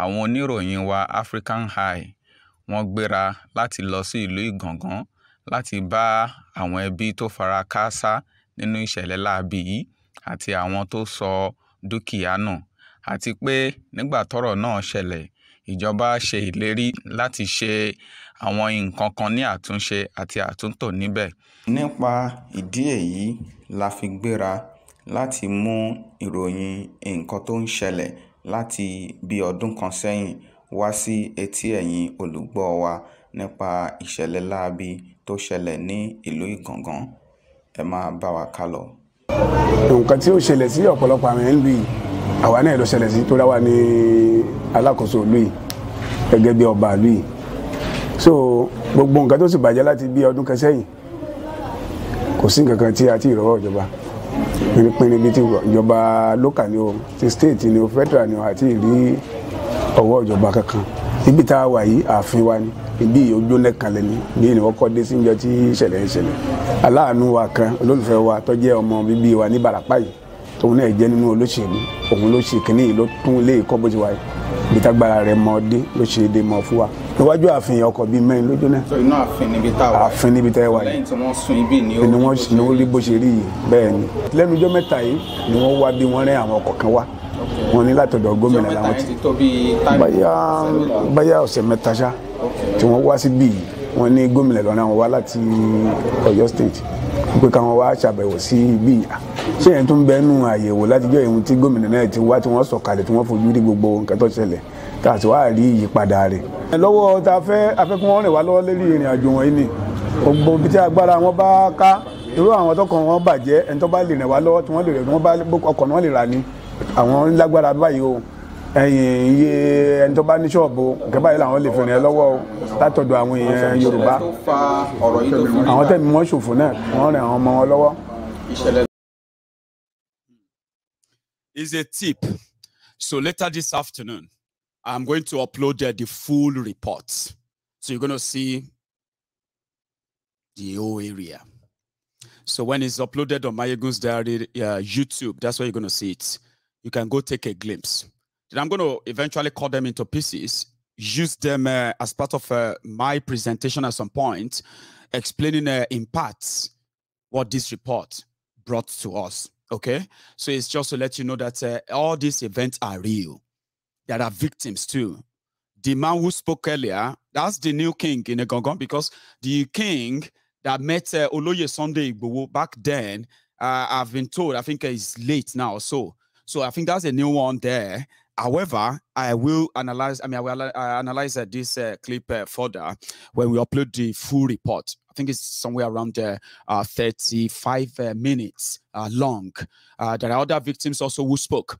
àwọn oníròyìn wa african High wọ́n gbéra láti lọ sí ìlú igangan láti bá àwọn ẹbí tó fara káásá nínú ìṣẹ̀lẹ̀ láabi yìí àti àwọn tó sọ dúkìá nù àti pé nígbà tọ́rọ̀ náà ṣẹlẹ̀ ìjọba ṣe ìlérí láti ṣe àwọn nǹkan kan ní àtúnṣe àti àtúntò níbẹ̀. nípa ìdí èyí la fi gbéra láti mú ìròyìn nǹkan tó ń ṣẹlẹ̀ láti bí ọdún kan sẹ́yìn wá sí etí ẹ̀yin olùgbọ́ wa nípa ìṣẹ̀lẹ̀ láabi tó ṣẹlẹ̀ ní ìlú Ìgàngán ẹ máa bá wa ká lọ. nǹkan tí ó ṣẹlẹ̀ sí ọ̀pọ̀lọpọ̀ àwọn ẹ̀ ń lu yìí àwa náà ló ṣẹlẹ̀ sí tó dáwà ní alákòóso ìlú yìí gẹ́gẹ́ bí ọba ìlú yìí so gbogbo nǹkan tó sì bàjẹ́ láti bí ọdún kan sẹ́yìn kò sí nǹkan kan tí a ti rọ́wọ́ ìjọba pínpín bí ti ìjọba lókà ni o ti state ni o federal ni o àti ìrí ọwọ́ ìjọba kankan ibi tá a wà yìí ààfin wa ni ibi ojú lẹ́kànlẹ̀ ni bí ìnáwó kọ́ dé síjọ tí ìṣẹ̀lẹ̀ ìṣẹ̀lẹ̀ aláàánú wa kan olólùfẹ́ wa tó jẹ́ ọmọ bíbí wa ní barapa yìí tóun náà jẹ́ nínú olóṣèlú òun ló ṣe kínní ló tún lé ìkọ́ bó ti wáyé ibi tágbára rẹ̀ mọ́ dé ló ṣe é dé mọ́ fún wa iwájú àfihàn ọkọ̀ bíi mẹ́rin lójú náà. sọ iná àfin níbi tá a wà. àfin níbi tá a wà yìí. lẹ́yìn tí wọ́n sun ibi ni ó rí bó ṣe rí yìí bẹ́ẹ̀ ni. lẹ́nu ọjọ́ mẹ́ta yìí ni wọ́n wá bí wọ́n rẹ́ àwọn ọkọ̀ kan wá wọ́n ní látọ̀dọ̀ gómìnà làwọn ti báyà ọ̀sẹ̀ mẹ́ta ṣá tí wọ́n wá sí bíi wọ́n ní gómìnà lọ́nà wọn wá láti Ọ̀yọ́ state pé káwọn wá ṣàbẹ̀wò sí bíi ṣé yẹn tún bẹ́ẹ̀ nù àyẹ̀wò látijọ́ ìhun tí gómìnà náà ti wá tí wọ́n sọ̀kalẹ̀ tí wọ́n fojú rí gbogbo nǹkan tó ṣẹlẹ̀ tá wá rí ìyípadà rẹ̀. lọ́wọ́ tá fẹ́ afẹ́kún wọn rìn wá lọ́wọ́ lórí ìrìn àjò wọ̀nyí ni gbogbo ibi tí agbára wọn bá ká irú àwọn tọkàn wọn bàjẹ́ ẹni tó bá lè rìn wá lọ́wọ́ tí wọ́n lè rìn wọ́n bá ọkọ̀ náà lè rà ní àwọn lágbára báyìí o ẹ̀yìn iye ẹni tó bá ní ṣọ́ọ̀bù nǹkan báyìí làwọn lè fìrìn ẹ lọ́wọ́ o látọ̀dọ̀ àwọn èèyàn Yorùbá àwọn tẹ̀mí wọn ṣòfò náà wọ́n rìn àwọn ọmọ wọn lọ́wọ́. Is a tip. So later this afternoon. I'm going to upload the full report. So you're going to see the whole area. So when it's uploaded on Mayegun's Diary uh, YouTube, that's where you're going to see it. You can go take a glimpse. Then I'm going to eventually cut them into pieces, use them uh, as part of uh, my presentation at some point, explaining uh, in parts what this report brought to us. Okay, so it's just to let you know that uh, all these events are real there are victims too. The man who spoke earlier, that's the new king in Egongon because the king that met uh, Oloye Sunday back then, uh, I've been told, I think it's late now or so. So I think that's a new one there. However, I will analyze, I mean, I will uh, analyze uh, this uh, clip uh, further when we upload the full report. I think it's somewhere around uh, 35 minutes long. there are other victims also who spoke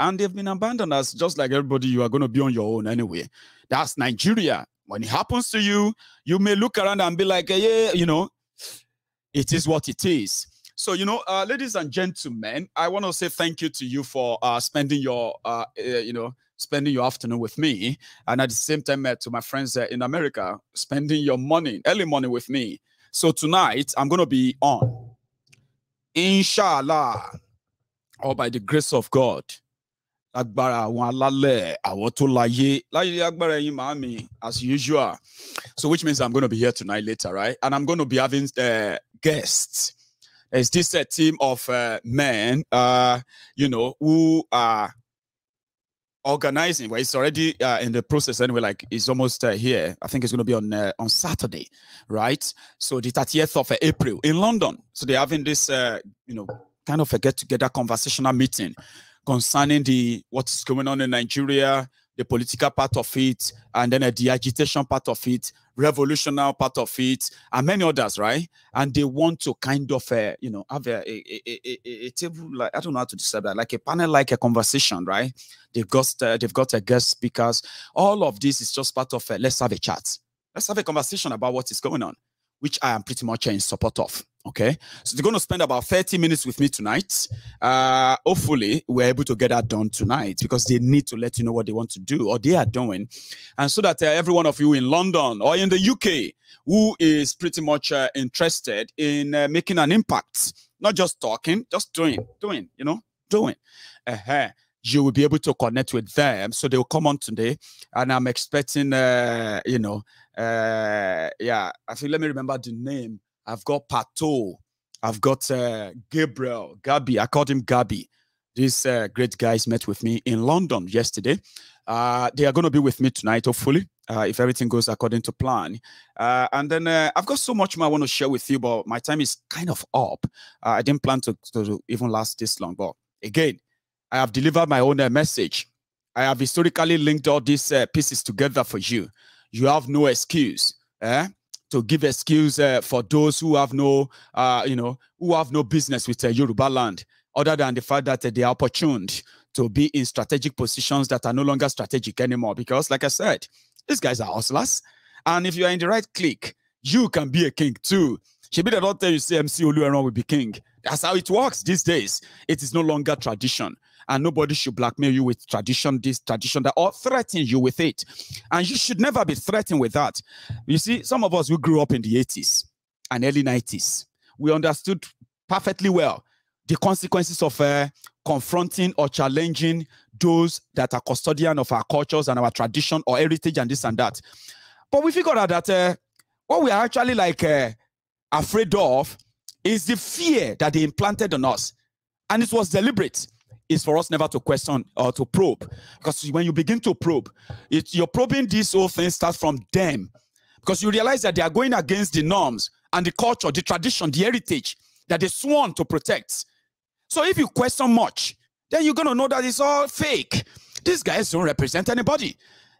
and they've been abandoned as just like everybody, you are going to be on your own anyway. That's Nigeria. When it happens to you, you may look around and be like, eh, yeah, you know, it is what it is. So, you know, uh, ladies and gentlemen, I want to say thank you to you for uh, spending your, uh, eh, you know, spending your afternoon with me. And at the same time, eh, to my friends in America, spending your money, early money with me. So tonight, I'm going to be on. Inshallah, or by the grace of God lágbára àwọn alálẹ̀ àwọn tó láyé láyé lágbára ẹ̀yin màámi as usual so which means i'm gonna be here tonight later right and i'm gonna be having uh, guests Is this a uh, team of uh, men uh, you know who are organizing well it's already uh, in the process anyway like it's almost uh, here i think it's going to be on uh, on saturday right so the 30th of uh, april in london so they're having this uh, you know kind of a get together conversational meeting concerning the what's going on in Nigeria, the political part of it, and then uh, the agitation part of it, revolutionary part of it, and many others, right? And they want to kind of, uh, you know, have a, a, a, a, table like I don't know how to describe that, like a panel, like a conversation, right? They've got uh, they've got a uh, guest speakers. All of this is just part of. Uh, let's have a chat. Let's have a conversation about what is going on, which I am pretty much in support of. Okay. So they're going to spend about 30 minutes with me tonight. Uh, hopefully, we're able to get that done tonight because they need to let you know what they want to do or they are doing. And so that uh, every one of you in London or in the UK who is pretty much uh, interested in uh, making an impact, not just talking, just doing, doing, you know, doing. Uh-huh you will be able to connect with them. So they will come on today, and I'm expecting, uh, you know, uh, yeah, I think let me remember the name I've got Pato. I've got uh, Gabriel, Gabi. I called him Gabi. These uh, great guys met with me in London yesterday. Uh, they are going to be with me tonight, hopefully, uh, if everything goes according to plan. Uh, and then uh, I've got so much more I want to share with you, but my time is kind of up. I didn't plan to, to, even last this long. But again, I have delivered my own message. I have historically linked all these pieces together for you. You have no excuse. Eh? to give excuse uh, for those who have no, uh, you know, who have no business with uh, Yoruba land, other than the fact that uh, they are opportuned to be in strategic positions that are no longer strategic anymore. Because, like I said, these guys are hustlers, and if you are in the right clique, you can be a king too. She be the daughter you say MC Olueron will be king. That's how it works these days. It is no longer tradition and nobody should blackmail you with tradition, this tradition, that, or threaten you with it. And you should never be threatened with that. You see, some of us we grew up in the 80s and early 90s, we understood perfectly well the consequences of uh, confronting or challenging those that are custodian of our cultures and our tradition or heritage and this and that. But we figured out that uh, what we are actually like uh, afraid of is the fear that they implanted on us. And it was deliberate is for us never to question or to probe. Because when you begin to probe, it, you're probing these whole things starts from them. Because you realize that they are going against the norms and the culture, the tradition, the heritage that they sworn to protect. So if you question much, then you're going to know that it's all fake. These guys don't represent anybody.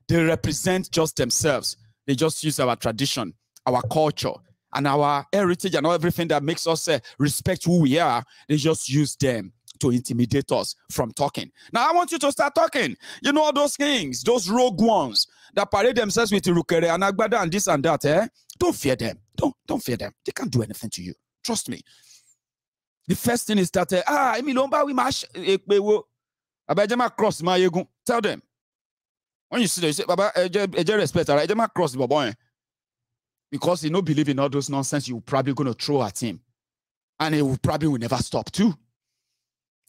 They represent just themselves. They just use our tradition, our culture, and our heritage and everything that makes us uh, respect who we are. They just use them to intimidate us from talking. Now I want you to start talking. You know all those things, those rogue ones that parade themselves with Irukere and Agbada and this and that. Eh? Don't fear them. Don't don't fear them. They can't do anything to you. Trust me. The first thing is that uh, ah, am Lomba we mash Abajama cross my egun. Tell them. When you see them, you say, Baba, eje respect, all right? Ejema cross the boy. Because don't believe in all those nonsense you probably gonna throw at him. And he will probably will never stop too.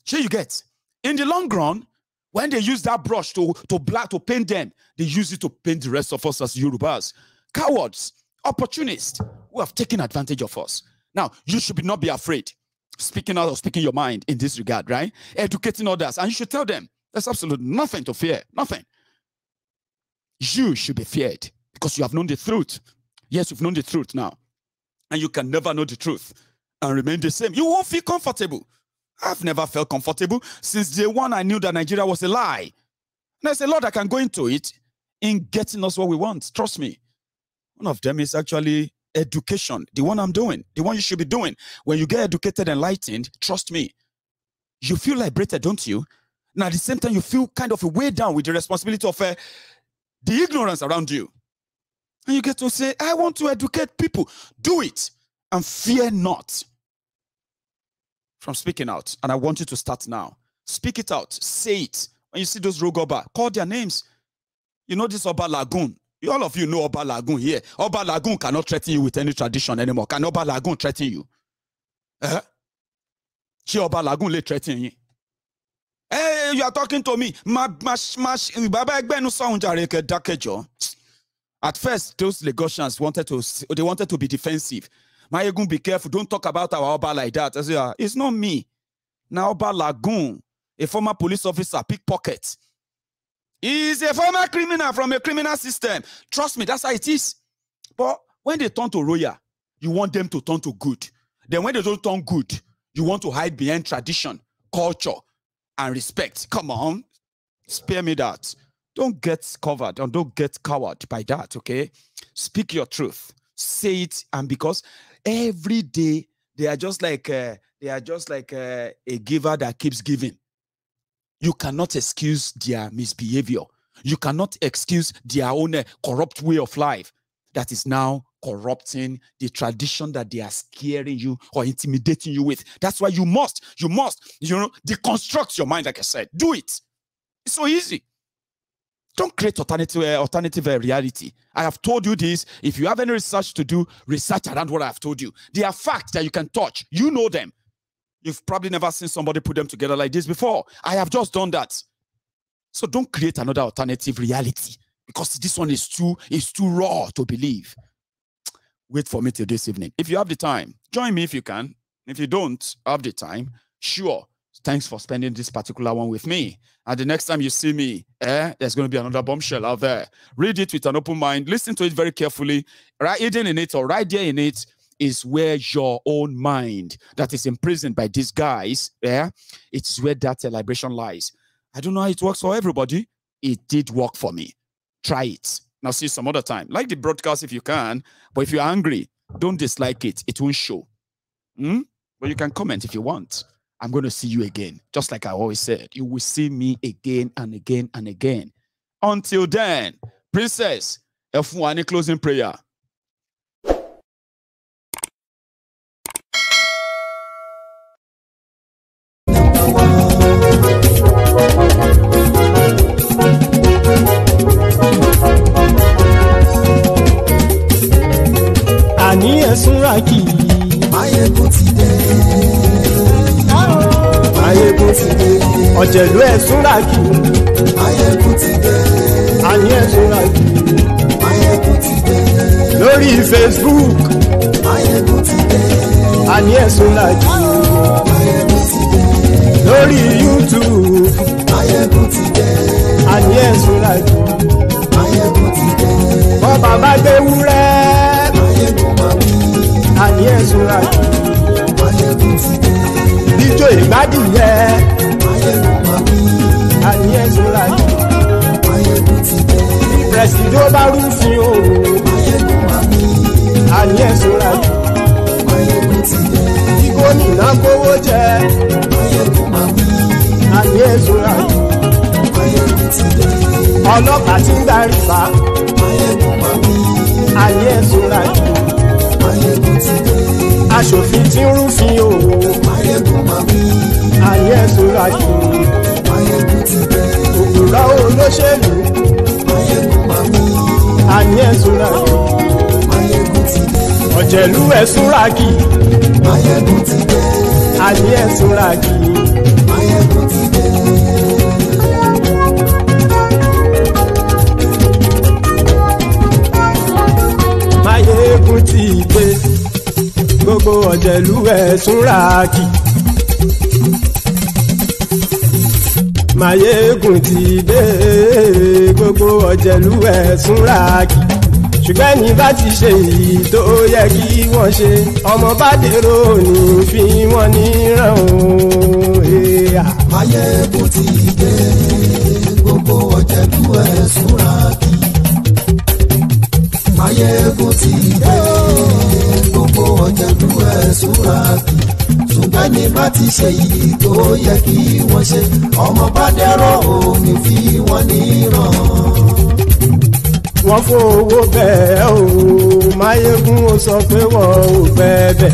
Sure, you get. In the long run, when they use that brush to, to black to paint them, they use it to paint the rest of us as Yorubas. Cowards, opportunists who have taken advantage of us. Now, you should not be afraid speaking out or speaking your mind in this regard, right? Educating others. And you should tell them there's absolutely nothing to fear, nothing. You should be feared because you have known the truth. Yes, you've known the truth now. And you can never know the truth and remain the same. You won't feel comfortable. I've never felt comfortable. Since day one, I knew that Nigeria was a lie. And I said, Lord, I can go into it in getting us what we want. Trust me. One of them is actually education, the one I'm doing, the one you should be doing. When you get educated, enlightened, trust me, you feel liberated, don't you? Now, at the same time, you feel kind of weighed down with the responsibility of uh, the ignorance around you. And you get to say, I want to educate people. Do it and fear not from speaking out. And I want you to start now. Speak it out. Say it. When you see those rogue Oba, call their names. You know this Oba Lagoon. You, all of you know Oba Lagoon here. Oba Lagoon cannot threaten you with any tradition anymore. Can Oba Lagoon threaten you? Eh? She Oba Lagoon lay threaten you. Hey, eh, you are talking to me. My, my, my, Baba At first, those Lagosians wanted to, they wanted to be defensive. Mayegun, be careful. Don't talk about our Oba like that. I say, ah, it's not me. Now Oba Lagoon, a former police officer, pickpocket. He's a former criminal from a criminal system. Trust me, that's how it is. But when they turn to royal, you want them to turn to good. Then when they don't turn good, you want to hide behind tradition, culture, and respect. Come on, spare me that. Don't get covered and don't get cowed by that, okay? Speak your truth. Say it, and because every day they are just like uh, they are just like uh, a giver that keeps giving you cannot excuse their misbehavior you cannot excuse their own uh, corrupt way of life that is now corrupting the tradition that they are scaring you or intimidating you with that's why you must you must you know deconstruct your mind like i said do it it's so easy don't create alternative uh, alternative uh, reality. I have told you this. If you have any research to do, research around what I have told you. They are facts that you can touch. You know them. You've probably never seen somebody put them together like this before. I have just done that. So don't create another alternative reality because this one is too is too raw to believe. Wait for me till this evening. If you have the time, join me if you can. If you don't have the time, sure, thanks for spending this particular one with me. And the next time you see me, eh, there's going to be another bombshell out there. Read it with an open mind, listen to it very carefully. Right hidden in it or right there in it is where your own mind that is imprisoned by these guys, yeah, it's where that uh, liberation lies. I don't know how it works for everybody. It did work for me. Try it. Now see some other time. Like the broadcast if you can, but if you're angry, don't dislike it. It won't show. Hmm? But you can comment if you want. I'm going to see you again. Just like I always said, you will see me again and again and again. Until then, Princess, F1 closing prayer. ti dé. ọ̀jẹ̀lú ẹ̀sùn rà jù. ti dé. àní ẹ̀sùn rà jù. ti dé. lórí Facebook. máyẹ̀kún ti dé. àní ẹ̀sùn rà jù. ti dé. lórí YouTube. máyẹ̀kún ti dé. àní ẹ̀sùn rà jù. ti dé. bọ́ bàbá gbé wúrẹ́. máyẹ̀kún máa wí. àní ẹ̀sùn rà jù. ti dé ijó ìgbádùn yẹ. àní ẹ̀sùn láyé. pẹ̀sìdó bá rúfin o. àní ẹ̀sùn láyé. igbó nìna kówó jẹ. àní ẹ̀sùn láyé. ọlọ́pàá ti ń darí fa. àní ẹ̀sùn láyé. aṣòfin ti ń rúfin o. Ma mọ̀ mí. Ayégun rajú. Ayégun ti dé. Òkúra olóṣèlú. Ayégun mọ̀ mí. Ayégun rajú. Ayégun ti dé. Ọ̀jẹ̀lú ẹ̀ súnraki. Ayégun ti dé. Ayégun súnraki. Ayégun ti dé. ti dé gbogbo ọ̀jẹ̀lú ẹ̀ súnra kì. màyégùn ti dé gbogbo ọ̀jẹ̀lú ẹ̀ súnra kì. ṣùgbọ́n ní bá ti ṣe èyí tó yẹ kí wọ́n ṣe ọmọ bá dèrò ní fi wọ́n níran o. màyégùn ti dé gbogbo ọ̀jẹ̀lú ẹ̀ súnra kì. màyégùn ti dé mo jẹ̀lú ẹ̀ súra kì ṣùgbọ́n ní bá ti ṣe yìí tó yẹ kí wọ́n ṣe ọmọ bá dẹ́rọ̀ òun ní fi wọ́n níran. wọ́n fowó bẹ́ẹ̀ o máyégún ó sọ pé wọ́n ò bẹ́ẹ̀ bẹ́ẹ̀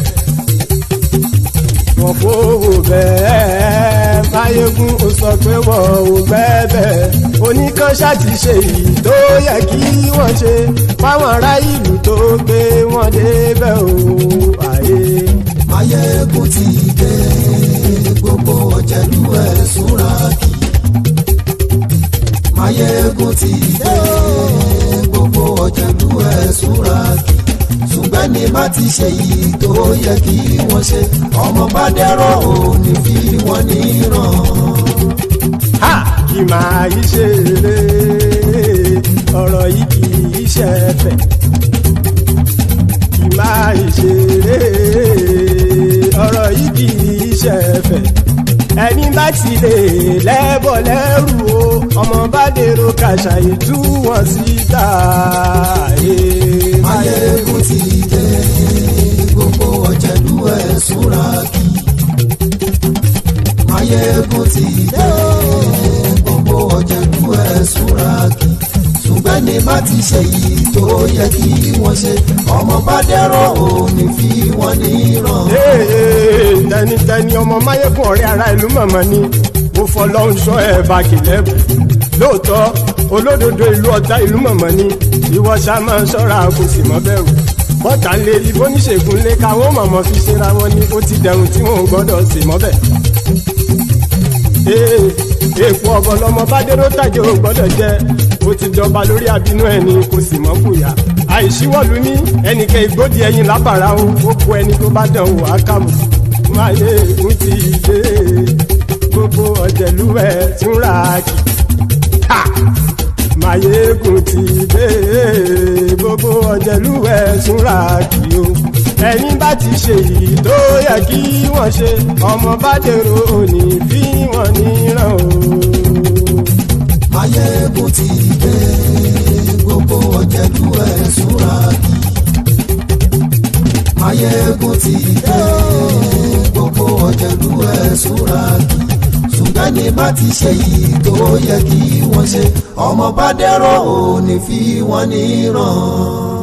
wọ́n fowó bẹ́ẹ̀ táyégún ó sọ pé wọn ò bẹ́ẹ̀bẹ̀ oníkan ṣáàtì ṣe èyí tó yẹ kí wọ́n ṣe fáwọn ará ìlú tó gbé wọn débẹ̀ o àyè. ayégún ti dé gbogbo ọ̀jẹ̀lú ẹ̀ súnra kì ayégún ti dé gbogbo ọ̀jẹ̀lú ẹ̀ súnra kì ṣùgbọ́n ní má ti ṣe èyí tó yẹ kí wọ́n ṣe ọmọ bá dẹ́rọ̀ ò fi yìí ṣe eré ọ̀rọ̀ yìí kì í ṣe ẹ̀fẹ̀ kì máa ṣe eré ọ̀rọ̀ yìí kì í ṣe ẹ̀fẹ̀ ẹni bá ti lè lẹ́bọ̀ lẹ́rù o ọmọ bá dèrò kàṣàyè tú wọn síta. Ayẹ̀rẹ̀kùn ti dé gbogbo ọ̀jẹ̀lú ẹ̀ súnra kì. Ayẹ̀rẹ̀kùn ti dé kọjá ju ẹ̀sùn ráàkì ṣùgbọ́n ní bá ti ṣe yìí tó yẹ kí wọ́n ṣe ọmọ bá dẹ́rọ̀ ò ní fi wọ́n ní ràn. tẹnitẹni ọmọ máyégún ọ̀rẹ́ ara ìlú mọ̀mọ́ ni mo fọlọ́hún sọ ẹ̀ bàkì lẹ́bù lóòótọ́ olódodo ìlú ọ̀tá ìlú mọ̀mọ́ ni ìwọ ṣá máa kò sì mọ́ bẹ̀rù bọ́tà ń lé ibó níṣègùn lé káwọn mọ̀mọ́ fi ṣera wọn ni ó ti dẹrùn tí wọn ò gbọ́dọ̀ sì mọ́ bẹ̀ èèpo ọ̀gọ̀ lọmọ bádéró tàjẹ́ ò gbọ́dọ̀ jẹ ó ti jọba lórí abinú ẹni kò sì mọ́ kùyà àìsíwọ́lu ní ẹnìkẹ́ ìgbódì ẹyin lábàrá o ó kó ẹni tó bá dán o àkàmù máyé ń ti dé gbogbo ọ̀jẹ̀lú ẹ̀ tún ra kì máyé kù ti dé gbogbo ọ̀jẹ̀lú ẹ̀ tún ra kì o ẹni bá ti ṣe èyí tó yẹ kí wọ́n ṣe ọmọ bá dèrò òní fi wọ́n níran o. ayé kò tí ì dé gbogbo ọ̀jẹ̀lú ẹ̀ súnra kí. ayé kò tí ì dé gbogbo ọ̀jẹ̀lú ẹ̀ súnra kí ṣùgbọ́n ní bá ti ṣe yìí tó yẹ kí wọ́n ṣe ọmọ bá dẹ́rọ̀ òní fi wọ́n níran.